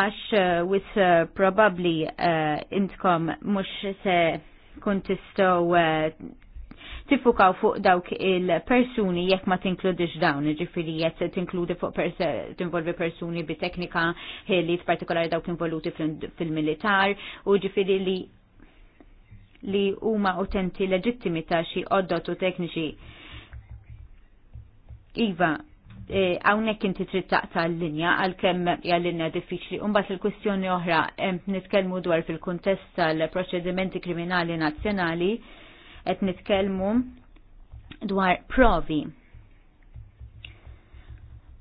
għax eh, with eh, probably intkom mux se kuntistow tifukaw fuq dawk il-persuni jekk ma tinkludix dawn, ġifiri jett tinkludi fuq tinvolvi persuni bi teknika ħiliet partikolari dawk involuti fil-militar u ġifiri li li huma utenti leġittimi ta' xi oddot u tekniċi. Iva, għawnek e, inti trid taqta l-linja għalkemm hija linja diffiċli. mbagħad il-kwistjoni oħra nitkellmu dwar fil-kuntest tal-proċedimenti kriminali nazzjonali qed nitkellmu dwar provi.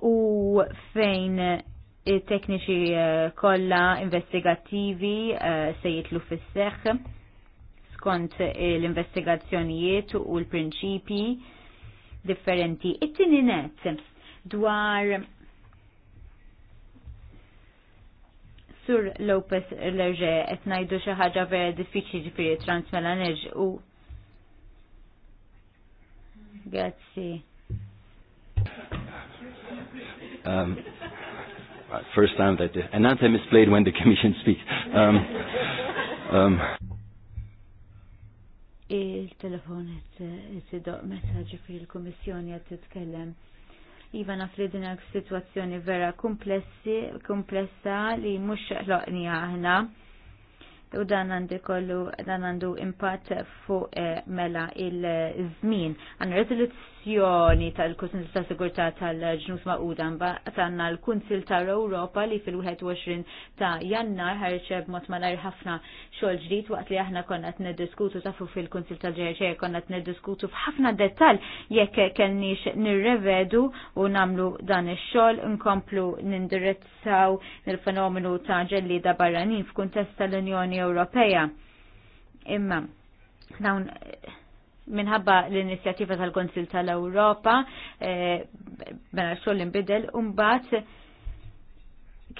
U fejn it-tekniċi eh, kollha investigattivi eh, se jitlu fis-seħħ skont eh, l-investigazzjonijiet u l-prinċipi differenti. It-tieni net dwar Sur Lopez Lerge qed ngħidu xi ħaġa vera diffiċli ġifieri transmela u Grazie. Um, first time that the, an anthem is played when the commission speaks. Um, um, il-telefonet jisidoq messaġi fil-Komissjoni għad titkellem. Iva naf li din situazzjoni vera komplessi, komplessa li mux loqni aħna u dan għandu kollu dan għandu impatt fuq eh, mela il-żmien. Għan rezoluzzjoni sessjoni tal-Kunsil ta' Sigurtà tal-Ġnus Maquda mbagħad għandna l-Kunsil tal-Ewropa li fil-21 ta' Jannar ħarċeb mod malajr ħafna xogħol ġdid waqt li aħna konna qed neddiskutu tafu fil-Kunsil tal-Ġerġej konna qed neddiskutu f'ħafna dettall jekk kellniex nirrevedu u nagħmlu dan ix-xogħol nkomplu nindirizzaw lill fenomenu ta' ġellida barranin f'kuntest tal-Unjoni Ewropea. Imma dawn minħabba l-inizjattiva tal-Konsil tal-Europa, bena eh, mela xoll imbidel, umbat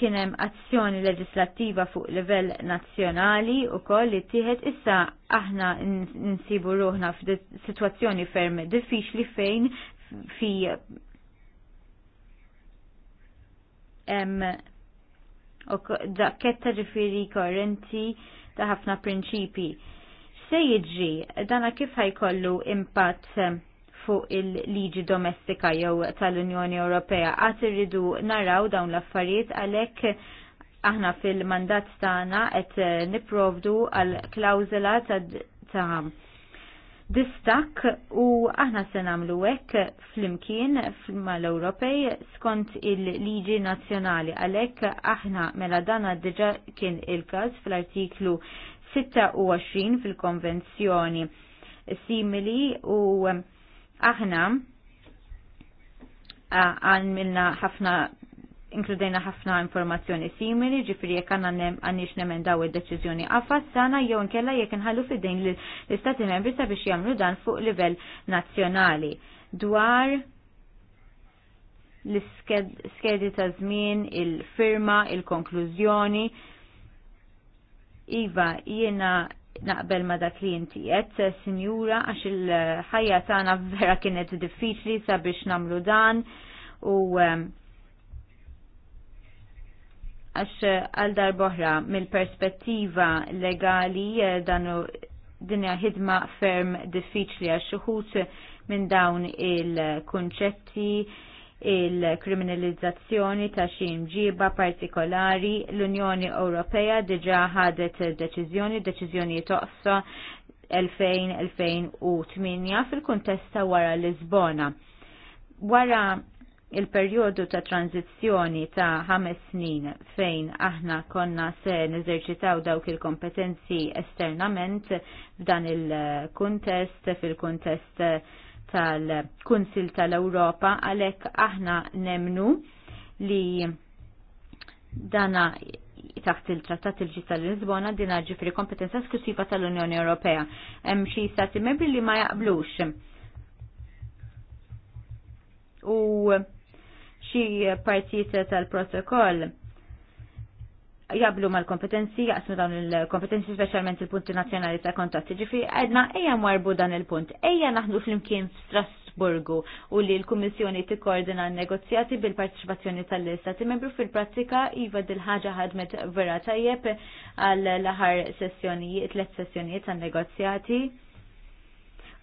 kienem azzjoni leġislattiva fuq livell nazzjonali u koll li tiħed issa aħna nsibu ruħna f'sitwazzjoni ferm diffiċli fejn fi em, u dakketta ġifiri korrenti ta' ħafna prinċipi se jiġi dana kif ħajkollu impatt fuq il-liġi domestika jew tal-Unjoni Ewropea għat irridu naraw dawn l-affarijiet għalhekk aħna fil-mandat tagħna qed niprovdu għal klawżela ta' distak u aħna se nagħmlu hekk flimkien mal-Ewropej skont il-liġi nazzjonali għalhekk aħna mela dana diġà kien il-każ fl-artiklu 26 fil-konvenzjoni simili u um, aħna milna ħafna inkludejna ħafna informazzjoni simili, ġifri jek għanna għannix nemendaw il-deċizjoni għafas sana jew nkella jek nħallu fid-dejn l-istati membri sabiex jamlu dan fuq livell nazzjonali. Dwar l-skedi ta' żmien, il-firma, il-konklużjoni, Iva, jiena naqbel ma dak li inti qed, sinjura, għax il-ħajja tagħna vera kienet diffiċli sabiex nagħmlu dan u um, għax għal darboħra mill-perspettiva legali eh, danu dinja ħidma ferm diffiċli għax uħut minn dawn il-kunċetti il-kriminalizzazzjoni ta' xi mġiba partikolari l-Unjoni Ewropea diġà ħadet deċiżjoni, deċizjoni toqsa 2000-2008 fil-kuntesta wara Lisbona. Wara il-perjodu ta' tranzizjoni ta' ħames snin fejn aħna konna se nizerċitaw dawk il-kompetenzi esternament f'dan il-kuntest, fil-kuntest tal-Kunsil tal-Ewropa għalhekk aħna nemnu li dana taħt il-Trattat il-ġit tal-Lisbona dina ġifri kompetenza esklusiva tal-Unjoni Ewropea. Hemm xi stati membri li ma jaqblux. U xi partijiet tal-protokoll jablu mal-kompetenzi, jaqsmu dawn il-kompetenzi specialment il-punti nazjonali ta' kontatti. Ġifi, għedna eja marbu dan il-punt, eja naħdu fl-imkien Strasburgu u li l-Kummissjoni tikkoordina negozjati bil-partiċipazzjoni tal-Istati membru fil-prattika iva dil-ħaġa ħadmet vera tajjeb għal laħar sessjoni, sessjonijiet, tlet sessjonijiet tan-negozjati.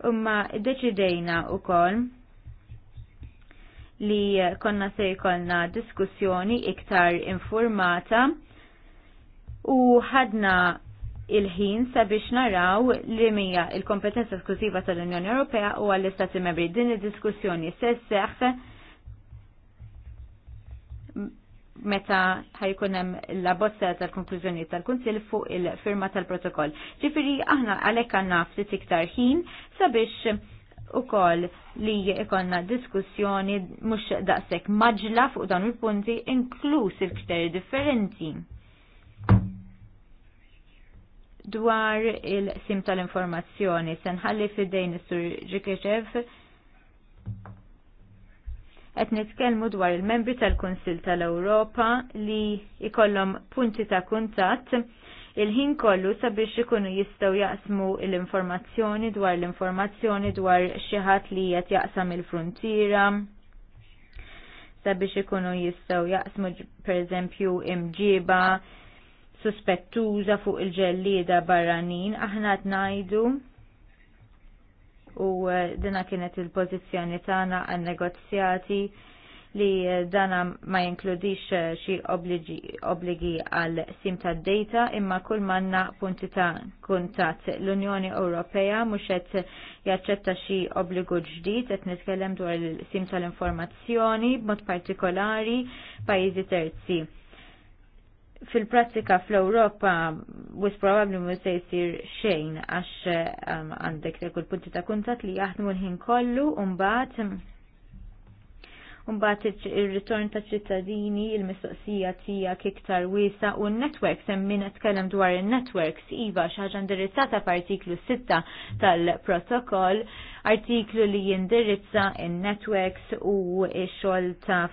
Umma deċidejna u kol li konna se jkollna diskussjoni iktar informata u ħadna il-ħin sabiex naraw li mija il-kompetenza esklusiva tal-Unjoni Ewropea u għall-Istati Membri. Din id-diskussjoni se seħħ meta ħajkun hemm l-abbozza tal-konklużjoni tal-Kunsill fuq il-firma tal-protokoll. Ġifieri aħna għalhekk għandna ftit iktar ħin sabiex ukoll li ikonna diskussjoni mhux daqshekk maġla fuq dawn il-punti inkluż il-kriterji differenti dwar il-sim tal-informazzjoni. Senħalli fidejn is-sur Ġikeċev qed nitkellmu dwar il-membri tal-Kunsil tal-Ewropa li ikollhom punti ta' kuntatt il-ħin kollu sabiex ikunu jistgħu jaqsmu l-informazzjoni dwar l-informazzjoni dwar xi ħadd li qed jaqsam il-fruntiera sabiex ikunu jistgħu jaqsmu pereżempju imġiba suspettuża fuq il-ġellieda barranin, aħna tnajdu u eh, dina kienet il-pozizjoni tagħna għan negozjati li eh, dana ma jinkludix eh, xi obbligi għal sim tad data imma kull manna punti ta' kuntat. L-Unjoni Ewropea mhux qed jaċċetta xi obbligu ġdid qed nitkellem dwar il-sim tal-informazzjoni b'mod partikolari pajjiżi terzi fil-prattika fl-Europa wis probabli mu se jisir xejn għax um, għandek um, kull punti ta' kuntat li jaħdmu l-ħin kollu umbat Umbat il-ritorn ta' ċittadini, il-mistoqsija tija kiktar wisa u n-networks, emmin etkellem dwar il-networks, iva xaġa ndirizzata f'artiklu 6 tal-protokoll, artiklu li jindirizza il-networks u xol ta'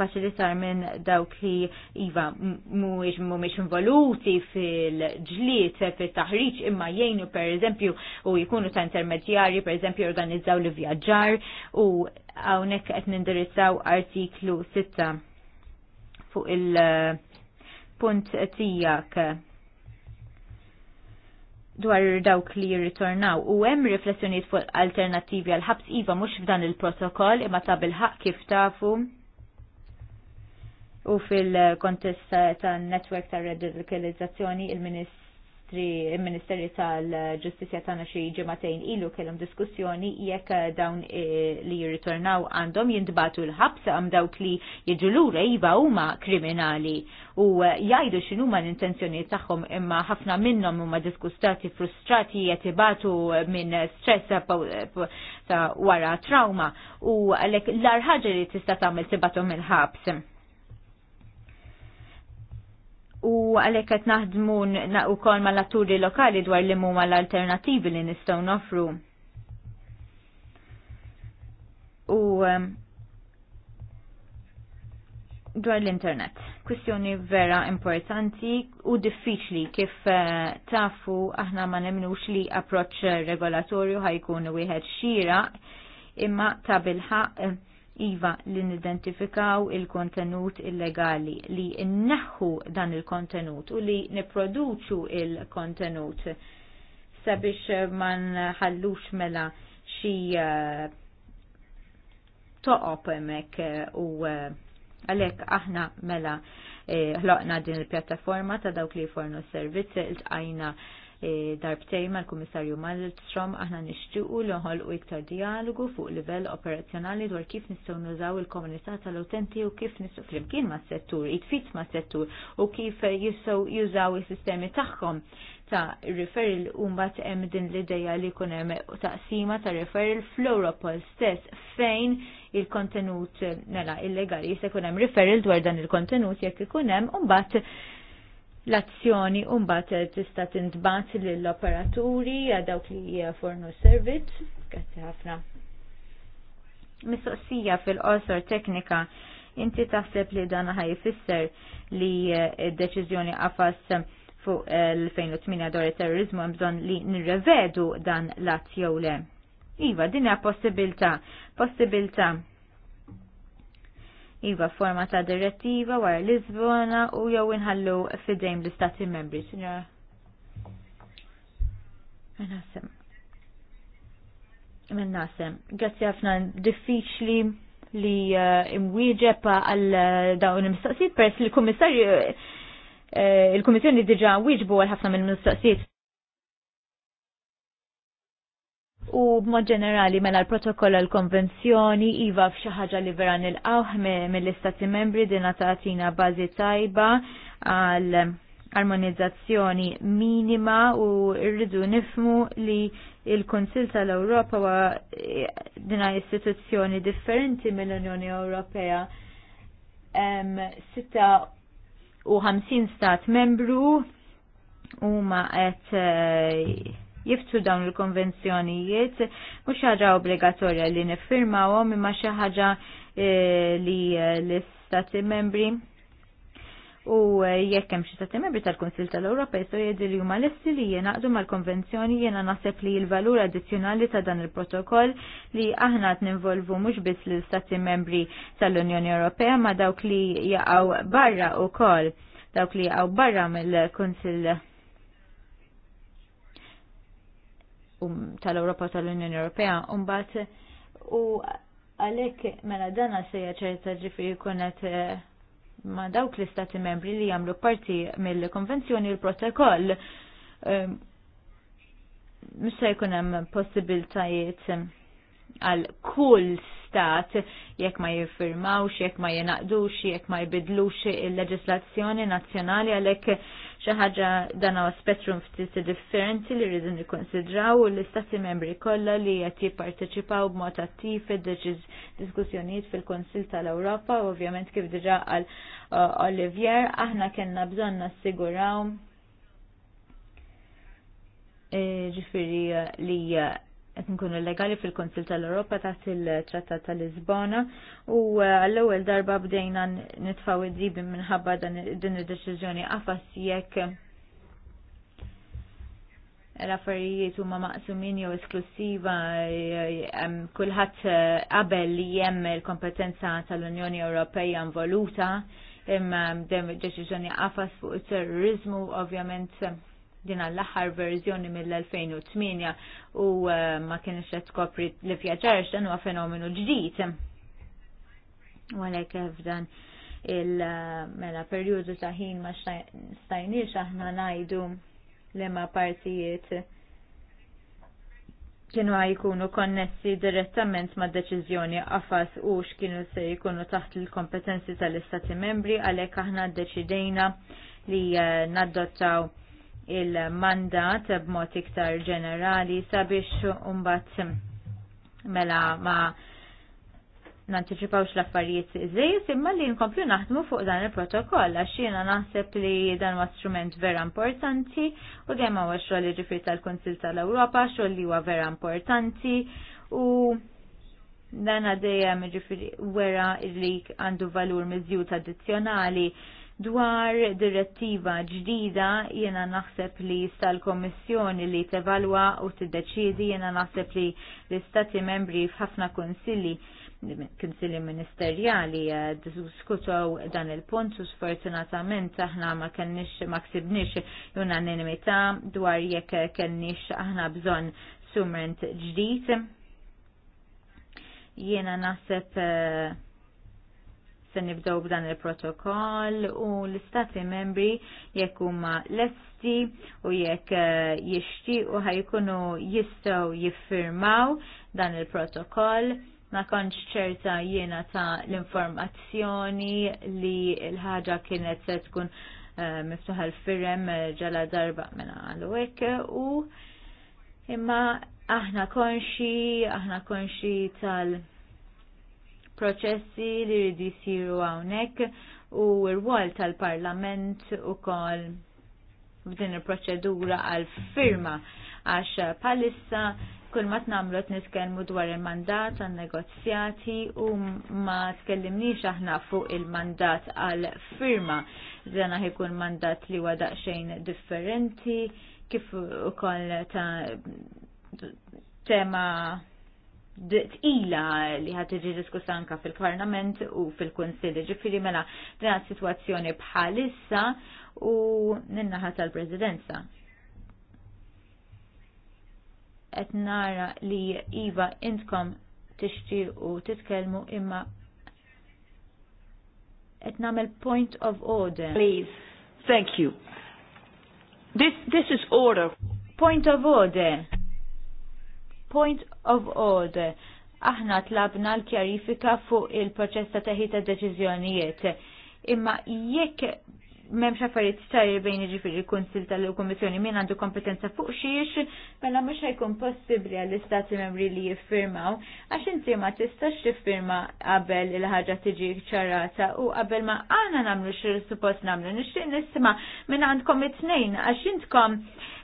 faċilitar minn dawk li iva mhuwiex mhumiex involuti fil-ġlied fit-taħriġ imma jgħinu pereżempju u jkunu ta' intermedjarji pereżempju organizzaw li vjaġġar u hawnhekk qed nindirizzaw artiklu 6 fuq il-punt tiegħek dwar dawk li jirritornaw u hemm riflessjonijiet fuq alternattivi għal ħabs iva mhux f'dan il-protokoll imma ta' bil-ħaq kif tafu U fil-kontest ta' netwerk ta' radikalizzazzjoni il-Ministeri tal-Ġustizja ta' xi ġematejn ilu kellhom diskussjoni jekk dawn eh, li jirritornaw għandhom jindbatu l-ħabs għam dawk li jiġu lura iva huma kriminali u eh, jgħidu xinu ma l-intenzjoni tagħhom imma ħafna minnhom huma diskustati frustrati qed ibatu minn stress ta' wara trauma u għalhekk l arħaġa li tista' tagħmel tibatu mill ħabs u għalek qed naħdmu wkoll mal-atturi lokali dwar li huma l-alternattivi li nistgħu nofru. U ehm, dwar l-internet. Kwistjoni vera importanti u diffiċli kif eh, tafu aħna ma nemnux li approċ regolatorju ħajkun wieħed xira imma ta' bilħaq eh, iva li nidentifikaw il-kontenut illegali, li nneħħu dan il-kontenut u li niproduċu il-kontenut sabiex eh, ma nħallux mela xi eh, toqob hemmhekk eh, u għalhekk aħna mela ħloqna din il-pjattaforma ta' dawk li fornu s servizz iltqajna E, darbtej mal-Kummissarju Malmström aħna nixtiequ l u iktar dialogu fuq livell operazzjonali dwar kif nistgħu nużaw il-komunità tal-utenti u kif nistgħu flimkien mas-settur, jitfit mas-settur u kif jistgħu jużaw is-sistemi tagħhom ta' referral u mbagħad hemm din l-idea li jkun hemm taqsima ta' referral fl-Europol stess fejn il-kontenut nela illegali jista' jkun hemm referral dwar dan il-kontenut jekk ikun hemm u mbagħad l-azzjoni umbat tista' tintbat lill-operaturi dawk li fornu servizz. Grazzi ħafna. Mistoqsija fil-qosor teknika inti taħseb li dan ħajfisser jfisser li d-deċiżjoni eh, qafas fuq eh, l-2008 dwar terrorizmu għamżon bżonn li nirrevedu dan l azzjoni jew le. Iva, din hija possibilta. possibilità iva forma ta' direttiva wara Lisbona u jew inħallu fidejn l-istati membri. Minn Nasem. Min nasem. Grazzi ħafna diffiċli li eh, imwieġeb għal eh, dawn il-mistoqsijiet peress li l-Kummissarju eh, il-Kummissjoni diġa wieġbu għal ħafna mill-mistoqsijiet u b'mod ġenerali mela l-protokoll għal konvenzjoni iva f'xi ħaġa li vera nilqgħu mill-istati membri din tagħtina bażi tajba għal armonizzazzjoni minima u rridu nifmu li il-Konsil tal-Ewropa wa dina istituzzjoni differenti mill-Unjoni Ewropea u ħamsin stat membru huma qed eh, jiftu dawn il-konvenzjonijiet, mhux ħaġa obbligatorja li niffirmawhom imma xi ħaġa eh, li eh, l-istati membri u eh, jekk hemm xi stati membri tal-Kunsil tal-Ewropa jistgħu jgħidu li huma lesti li jingħaqdu mal-konvenzjoni jiena naħseb li l-valur addizzjonali ta' dan il-protokoll li aħna qed ninvolvu mhux biss l-istati membri tal-Unjoni Ewropea ma dawk li jaqgħu barra wkoll dawk li jaqgħu barra mill kunsill Um, tal-Europa tal-Unjoni Ewropea mbagħad u għalek mela dana sejja ċerta ġifiri kunet eh, ma dawk l-istati membri li jamlu parti mill-konvenzjoni l-protokoll mista ehm, jkun hemm possibiltajiet għal kull stat jekk ma jiffirmawx, jekk ma jenaqdux, jekk ma jbidlux il-leġislazzjoni nazzjonali għalhekk xi ħaġa dan huwa spettrum ftit differenti li rridu nikkonsidraw u l-istati membri kollha li qed jipparteċipaw b'mod attiv fid-diskussjonijiet fil-Kunsill tal-Ewropa u ovvjament kif diġà qal uh, Olivier aħna kellna bżonn nassiguraw eh, ġifiri uh, li uh, qed nkunu legali fil-Konsil tal-Ewropa taħt il-Trattat tal-Lisbona u uh, għall-ewwel darba bdejna nitfgħu id-dibi minħabba din id-deċiżjoni qafas jekk l-affarijiet huma maqsumin jew esklusiva kulħadd uh, qabel li hemm il-kompetenza tal-Unjoni Ewropea involuta imma dem deċiżjoni qafas fuq it-terrorizmu ovvjament Din l-aħħar verżjoni mill-2008 u eh, ma kienx qed tkopri li vjaġġarx dan huwa fenomenu ġdid. U għalhekk f'dan il-mela eh, perjodu ta' ħin ma stajniex aħna ngħidu li ma partijiet kienu jkunu konnessi direttament ma' deċiżjoni għafas u x'kienu se jkunu taħt il-kompetenzi tal-Istati membri għalhekk aħna ddeċidejna li eh, naddottaw il-mandat b'mod iktar ġenerali sabiex umbat mela ma nantiċipawx l-affarijiet iżejjed imma li nkomplu naħdmu fuq dan il-protokoll għax jiena naħseb li dan huwa strument vera importanti u dejjem huwa xogħol iġifier tal-Kunsil tal-Ewropa xogħol li huwa vera importanti u dan għaddejjem ġifieri wera li għandu valur miżjud addizzjonali Dwar direttiva ġdida jena naħseb li sta l-Kommissjoni li tevalwa u t-deċidi jena naħseb li l-Istati membri f'ħafna konsilli konsilli ministerjali eh, diskutaw dan il-punt u sfortunatament aħna ma kenniex ma ksibniex unanimità dwar jekk kenniex aħna bżonn sumrent ġdid. Jiena naħseb uh, se nibdew b'dan il-protokoll u l-istati membri jekk huma lesti u jekk eh, jixtiequ ħajkunu jistgħu jiffirmaw dan il-protokoll. Ma konċ ċerta jiena ta' l-informazzjoni li l-ħaġa kienet se tkun eh, miftuħa l-firem eh, ġala darba minna għal-wek u imma aħna konxi, aħna konxi tal- proċessi li ridi siru hawnhekk u r-wol tal-Parlament ukoll b'din il-proċedura għal firma għax palissa kull ma t-namlu t-niskelmu dwar il-mandat għal negozjati u ma tkellimniex aħna fuq il-mandat għal firma. Zena ħikun mandat li wada xejn differenti kif u kol ta' tema Tila li ħad iġi diskussanka anka fil-Parlament u fil-Kunsill, ġifieri mela din situazzjoni bħalissa u ninnaħa tal-Presidenza. Qed nara li iva intkom u titkellmu imma qed nagħmel point of order. Please, thank you. This this is order. Point of order. Point of Order. Aħna tlabna l-kjarifika fuq il-proċess ta' teħita deċiżjonijiet. Imma jekk memx affarijiet ċari bejn ġifiri kunsil tal-Kummissjoni min għandu kompetenza fuq xiex, mela mhux ħajkun possibbli għall-istati membri li jiffirmaw, għax inti ma tistax tiffirma qabel il-ħaġa tiġi ċarata u qabel ma għana namlu xir suppost namlu, nixtieq nisma' minn għandkom it-tnejn għax intkom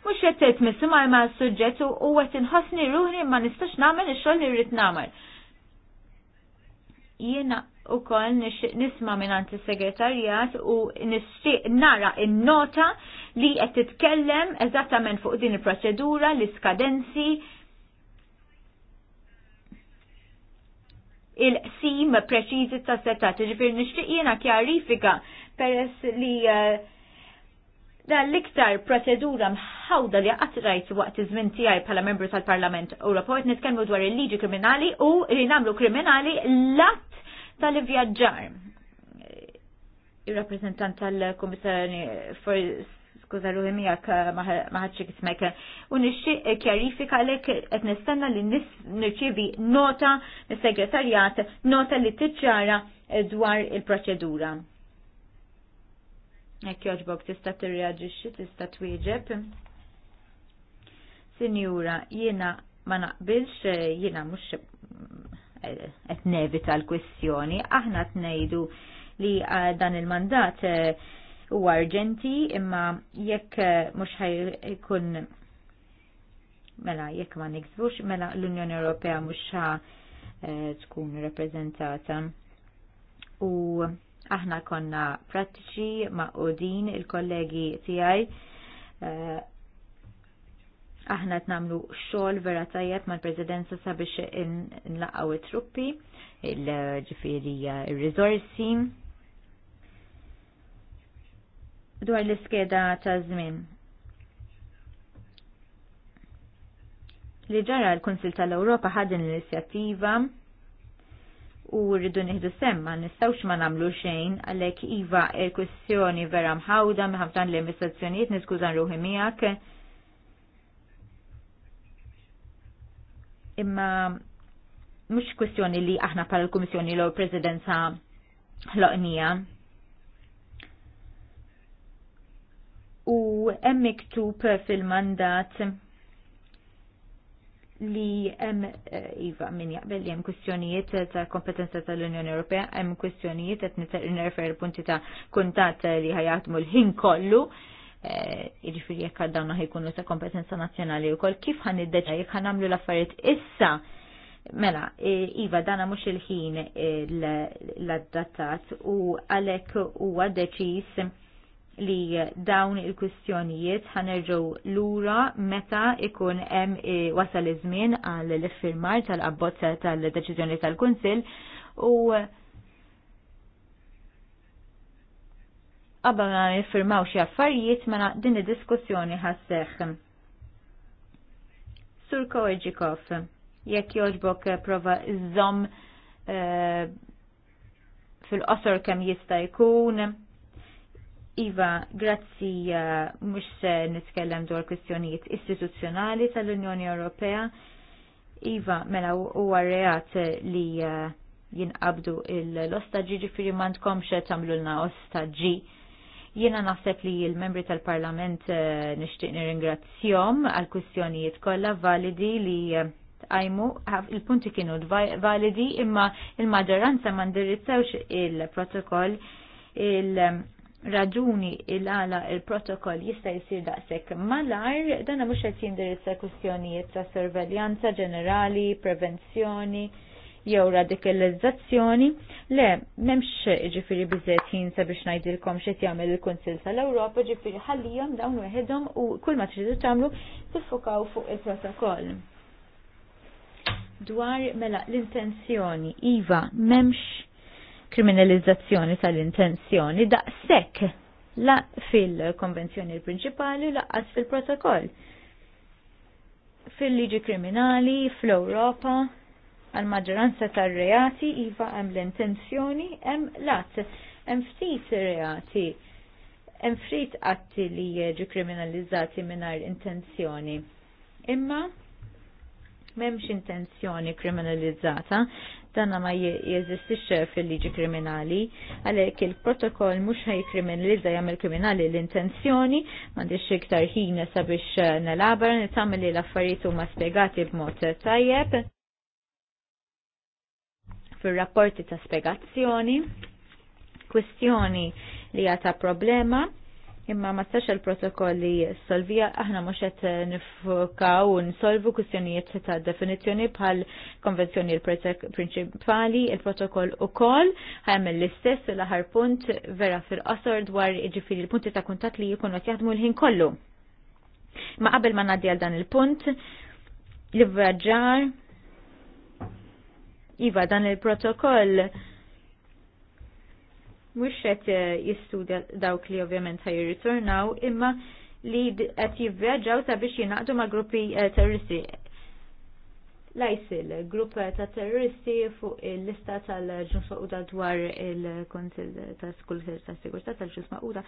mux jettet misima ma s-sujġet u għet nħosni ruħni ma nistax namel il-xol li rrit namel. Jena u koll nisma minn għant il-segretarjat u nistiq nara il-nota li għet titkellem eżattament fuq din il-proċedura, l-iskadenzi, il-sim preċizi ta' setat. Ġifir nishtiq jena kjarifika peress li uh, Da l-iktar procedura mħawda li għat rajt waqt iżmin żmien tiegħi bħala membru tal-Parlament Ewropew qed nitkellmu dwar il-liġi kriminali u li nagħmlu kriminali l-att tal-ivvjaġġar. Ir-rappreżentant tal-Kummissarju for skuza ruħimijak maħadċi kismek. U nixi kjarifika lek qed nistenna li nirċivi nota mis segretarjat nota li tiċċara dwar il-proċedura. Jekk joġbok tista' tirreaġixxi, tista' twieġeb. Sinjura, jiena ma naqbilx, jiena mhux eh, qed nevita l-kwestjoni, aħna nejdu li eh, dan il-mandat eh, huwa arġenti imma jekk mhux ħajkun mela jekk ma nikzbux mela l-Unjoni Ewropea mhux tkun rappreżentata u Aħna konna prattiċi ma' Odin, il-kollegi tiegħi. Eh, aħna qed nagħmlu xogħol vera tajjeb mal-Presidenza sabiex inlaqgħu it-truppi, il-ġifieri ir-riżorsi. Dwar l-iskeda ta' żmien. Li ġara l-Kunsil tal-Ewropa ħadin l-inizjattiva u rridu nieħdu semma nistgħux ma nagħmlu xejn għalhekk iva kwestjoni vera mħawda ħafna l-investizzjonijiet niskużan ruħi miegħek. Imma mhux kwestjoni li aħna bħala l-Kummissjoni l Presidenza ħloqnija. U hemm miktub fil-mandat li hemm eh, iva min jaqbel li hemm kwistjonijiet ta' kompetenza tal-Unjoni Ewropea, hemm kwistjonijiet qed nirreferi punti ta' kuntat li ħajatmu l-ħin kollu. Eh, jiġifieri jekk dawn ħajkunu ta' kompetenza nazzjonali wkoll kif ħan iddeċa jekk ħanamlu l-affarijiet issa Mela, eh, Iva, dana mhux il-ħin l-adattat u għalhekk huwa deċis li dawn il-kwistjonijiet l lura meta ikun hemm e, wasal iż-żmien għal l-iffirmar tal-abbozza tal-deċiżjoni tal-Kunsill u qabel ma niffirmaw xi affarijiet mela din id-diskussjoni ħasseħ. Sur Koeġikov, jekk jogħġbok e, prova iżomm e, fil-qosor kemm jista' jkun Iva, grazzi eh, mux se nitkellem dwar kwestjonijiet istituzzjonali tal-Unjoni Ewropea. Iva, mela huwa reat li eh, jinqabdu l-ostaġi ġifiri mandkom xe na ostaġi. Jiena naħseb li l-membri tal-Parlament eh, nixtieq ingrazzjom għal kwistjonijiet kollha validi li għajmu, il-punti kienu validi imma il-maġġoranza mandirizzawx il, -protokoll, il protokoll raġuni il-għala il-protokoll jista' jisir daqshekk malajr, dan mhux qed jindirizza kwistjonijiet ta' sorveljanza ġenerali, prevenzjoni jew radikalizzazzjoni. Le, m'hemmx jiġifieri biżejt ħin sabiex ngħidilkom x'qed jagħmel il-Kunsill tal-Ewropa, ġifieri ħallihom dawn weħedhom u kull ma tridu tagħmlu tiffokaw fuq il-protokoll. Dwar mela l-intenzjoni, Iva, m'hemmx kriminalizzazzjoni tal-intenzjoni daqshekk la fil-konvenzjoni prinċipali laqqas fil-protokoll. Fil-liġi kriminali fl-Ewropa għal maġġoranza tar-reati iva hemm l-intenzjoni hemm lat hemm ftit reati hemm ftit atti li jiġu kriminalizzati mingħajr intenzjoni. Imma m'hemmx intenzjoni kriminalizzata, danna ma jeżistix fil-liġi kriminali, għalhekk il-protokoll mhux ħajkriminalizza jagħmel kriminali l-intenzjoni, m'għandix iktar ħin sabiex nelabar, nitamel li l-affarijiet huma spjegati b'mod tajjeb fir-rapporti ta' spjegazzjoni, kwestjoni li għata problema imma ma stax il-protokolli solvija aħna mhux qed nifukaw u nsolvu kwistjonijiet ta' definizzjoni bħal konvenzjoni l-prinċipali il-protokoll ukoll ħajmel l-istess l-aħar punt vera fil-qosor dwar jiġifieri l-punti ta' kuntatt li jikun qed jaħdmu l-ħin kollu. Ma qabel ma ngħaddi għal dan il-punt, l-ivraġġar Iva dan il-protokoll mhux qed eh, jistudja dawk li ovvjament ħajritornaw imma li qed jivvjaġġaw sabiex jingħaqdu ma' gruppi eh, terroristi. Lajsil, grupp eh, ta' terroristi fuq il-lista tal-ġnus dwar il-Konsil ta' Skull ta' Sigurtà tal-ġnus Maquda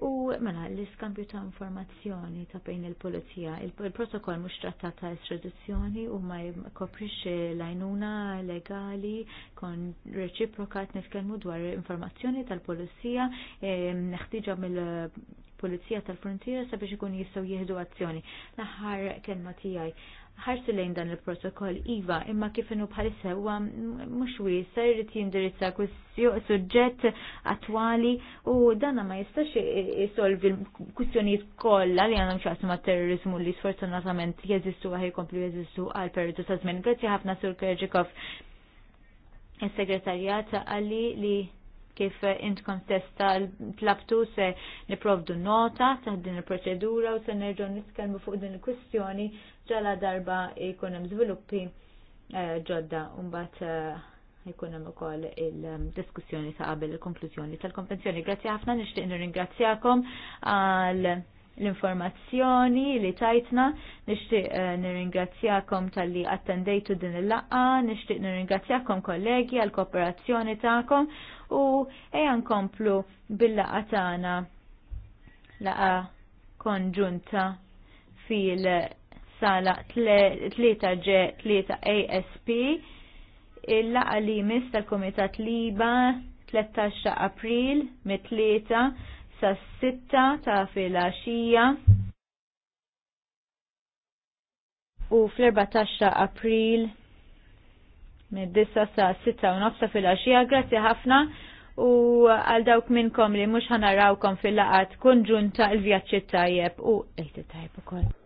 U mela, l-iskambju ta' informazzjoni ta' bejn il-polizija, il-protokoll mhux trattat ta' estradizzjoni u ma' jkoprix l-għajnuna legali kon reċiprokat nitkellmu dwar informazzjoni tal-polizija neħtieġa mill-polizija tal-frontiera sabiex ikun jistgħu jieħdu azzjoni. L-aħħar kelma tiegħi ħarsi lejn dan il-protokoll IVA imma kif inhu bħalissa huwa mhux wiesa jrid jindirizza suġġett attwali u danna ma jistax isolvi l-kwistjonijiet kollha li għandhom x'aqsu ma' terrorizmu li sfortunatament jeżistu għaj jkomplu jeżistu għal periodu ta' żmien. Grazzi ħafna Sur Kerġikov. Is-segretarjat għalli li kif kontesta l tlabtu se niprovdu nota ta' din il-proċedura u se nerġgħu nitkellmu fuq din il-kwistjoni ġala darba jkun hemm żviluppi eh, ġodda u mbagħad eh, jkun hemm ukoll il-diskussjoni ta' qabel il-konklużjoni tal-konvenzjoni. Grazzi ħafna nixtieq nirringrazzjakom għal l-informazzjoni li tajtna, nixtieq eh, nirringrazzjakom tal-li attendejtu din il laqgħa nixtieq nirringrazzjakom kollegi għal kooperazzjoni tagħkom u ejja nkomplu bil laqgħa tagħna laqgħa konġunta fil sala 3G3 ASP il-laqa li mis tal-Komitat Liba 13 April mit-3 sa' 6 ta' xija u fl-14 April mid 10 sa' 6 u nofsa xija Grazzi ħafna u għal dawk minnkom li mhux ħanarawkom fil-laqat kunġunta il-vjaċċi tajjeb u il-tajjeb ukoll.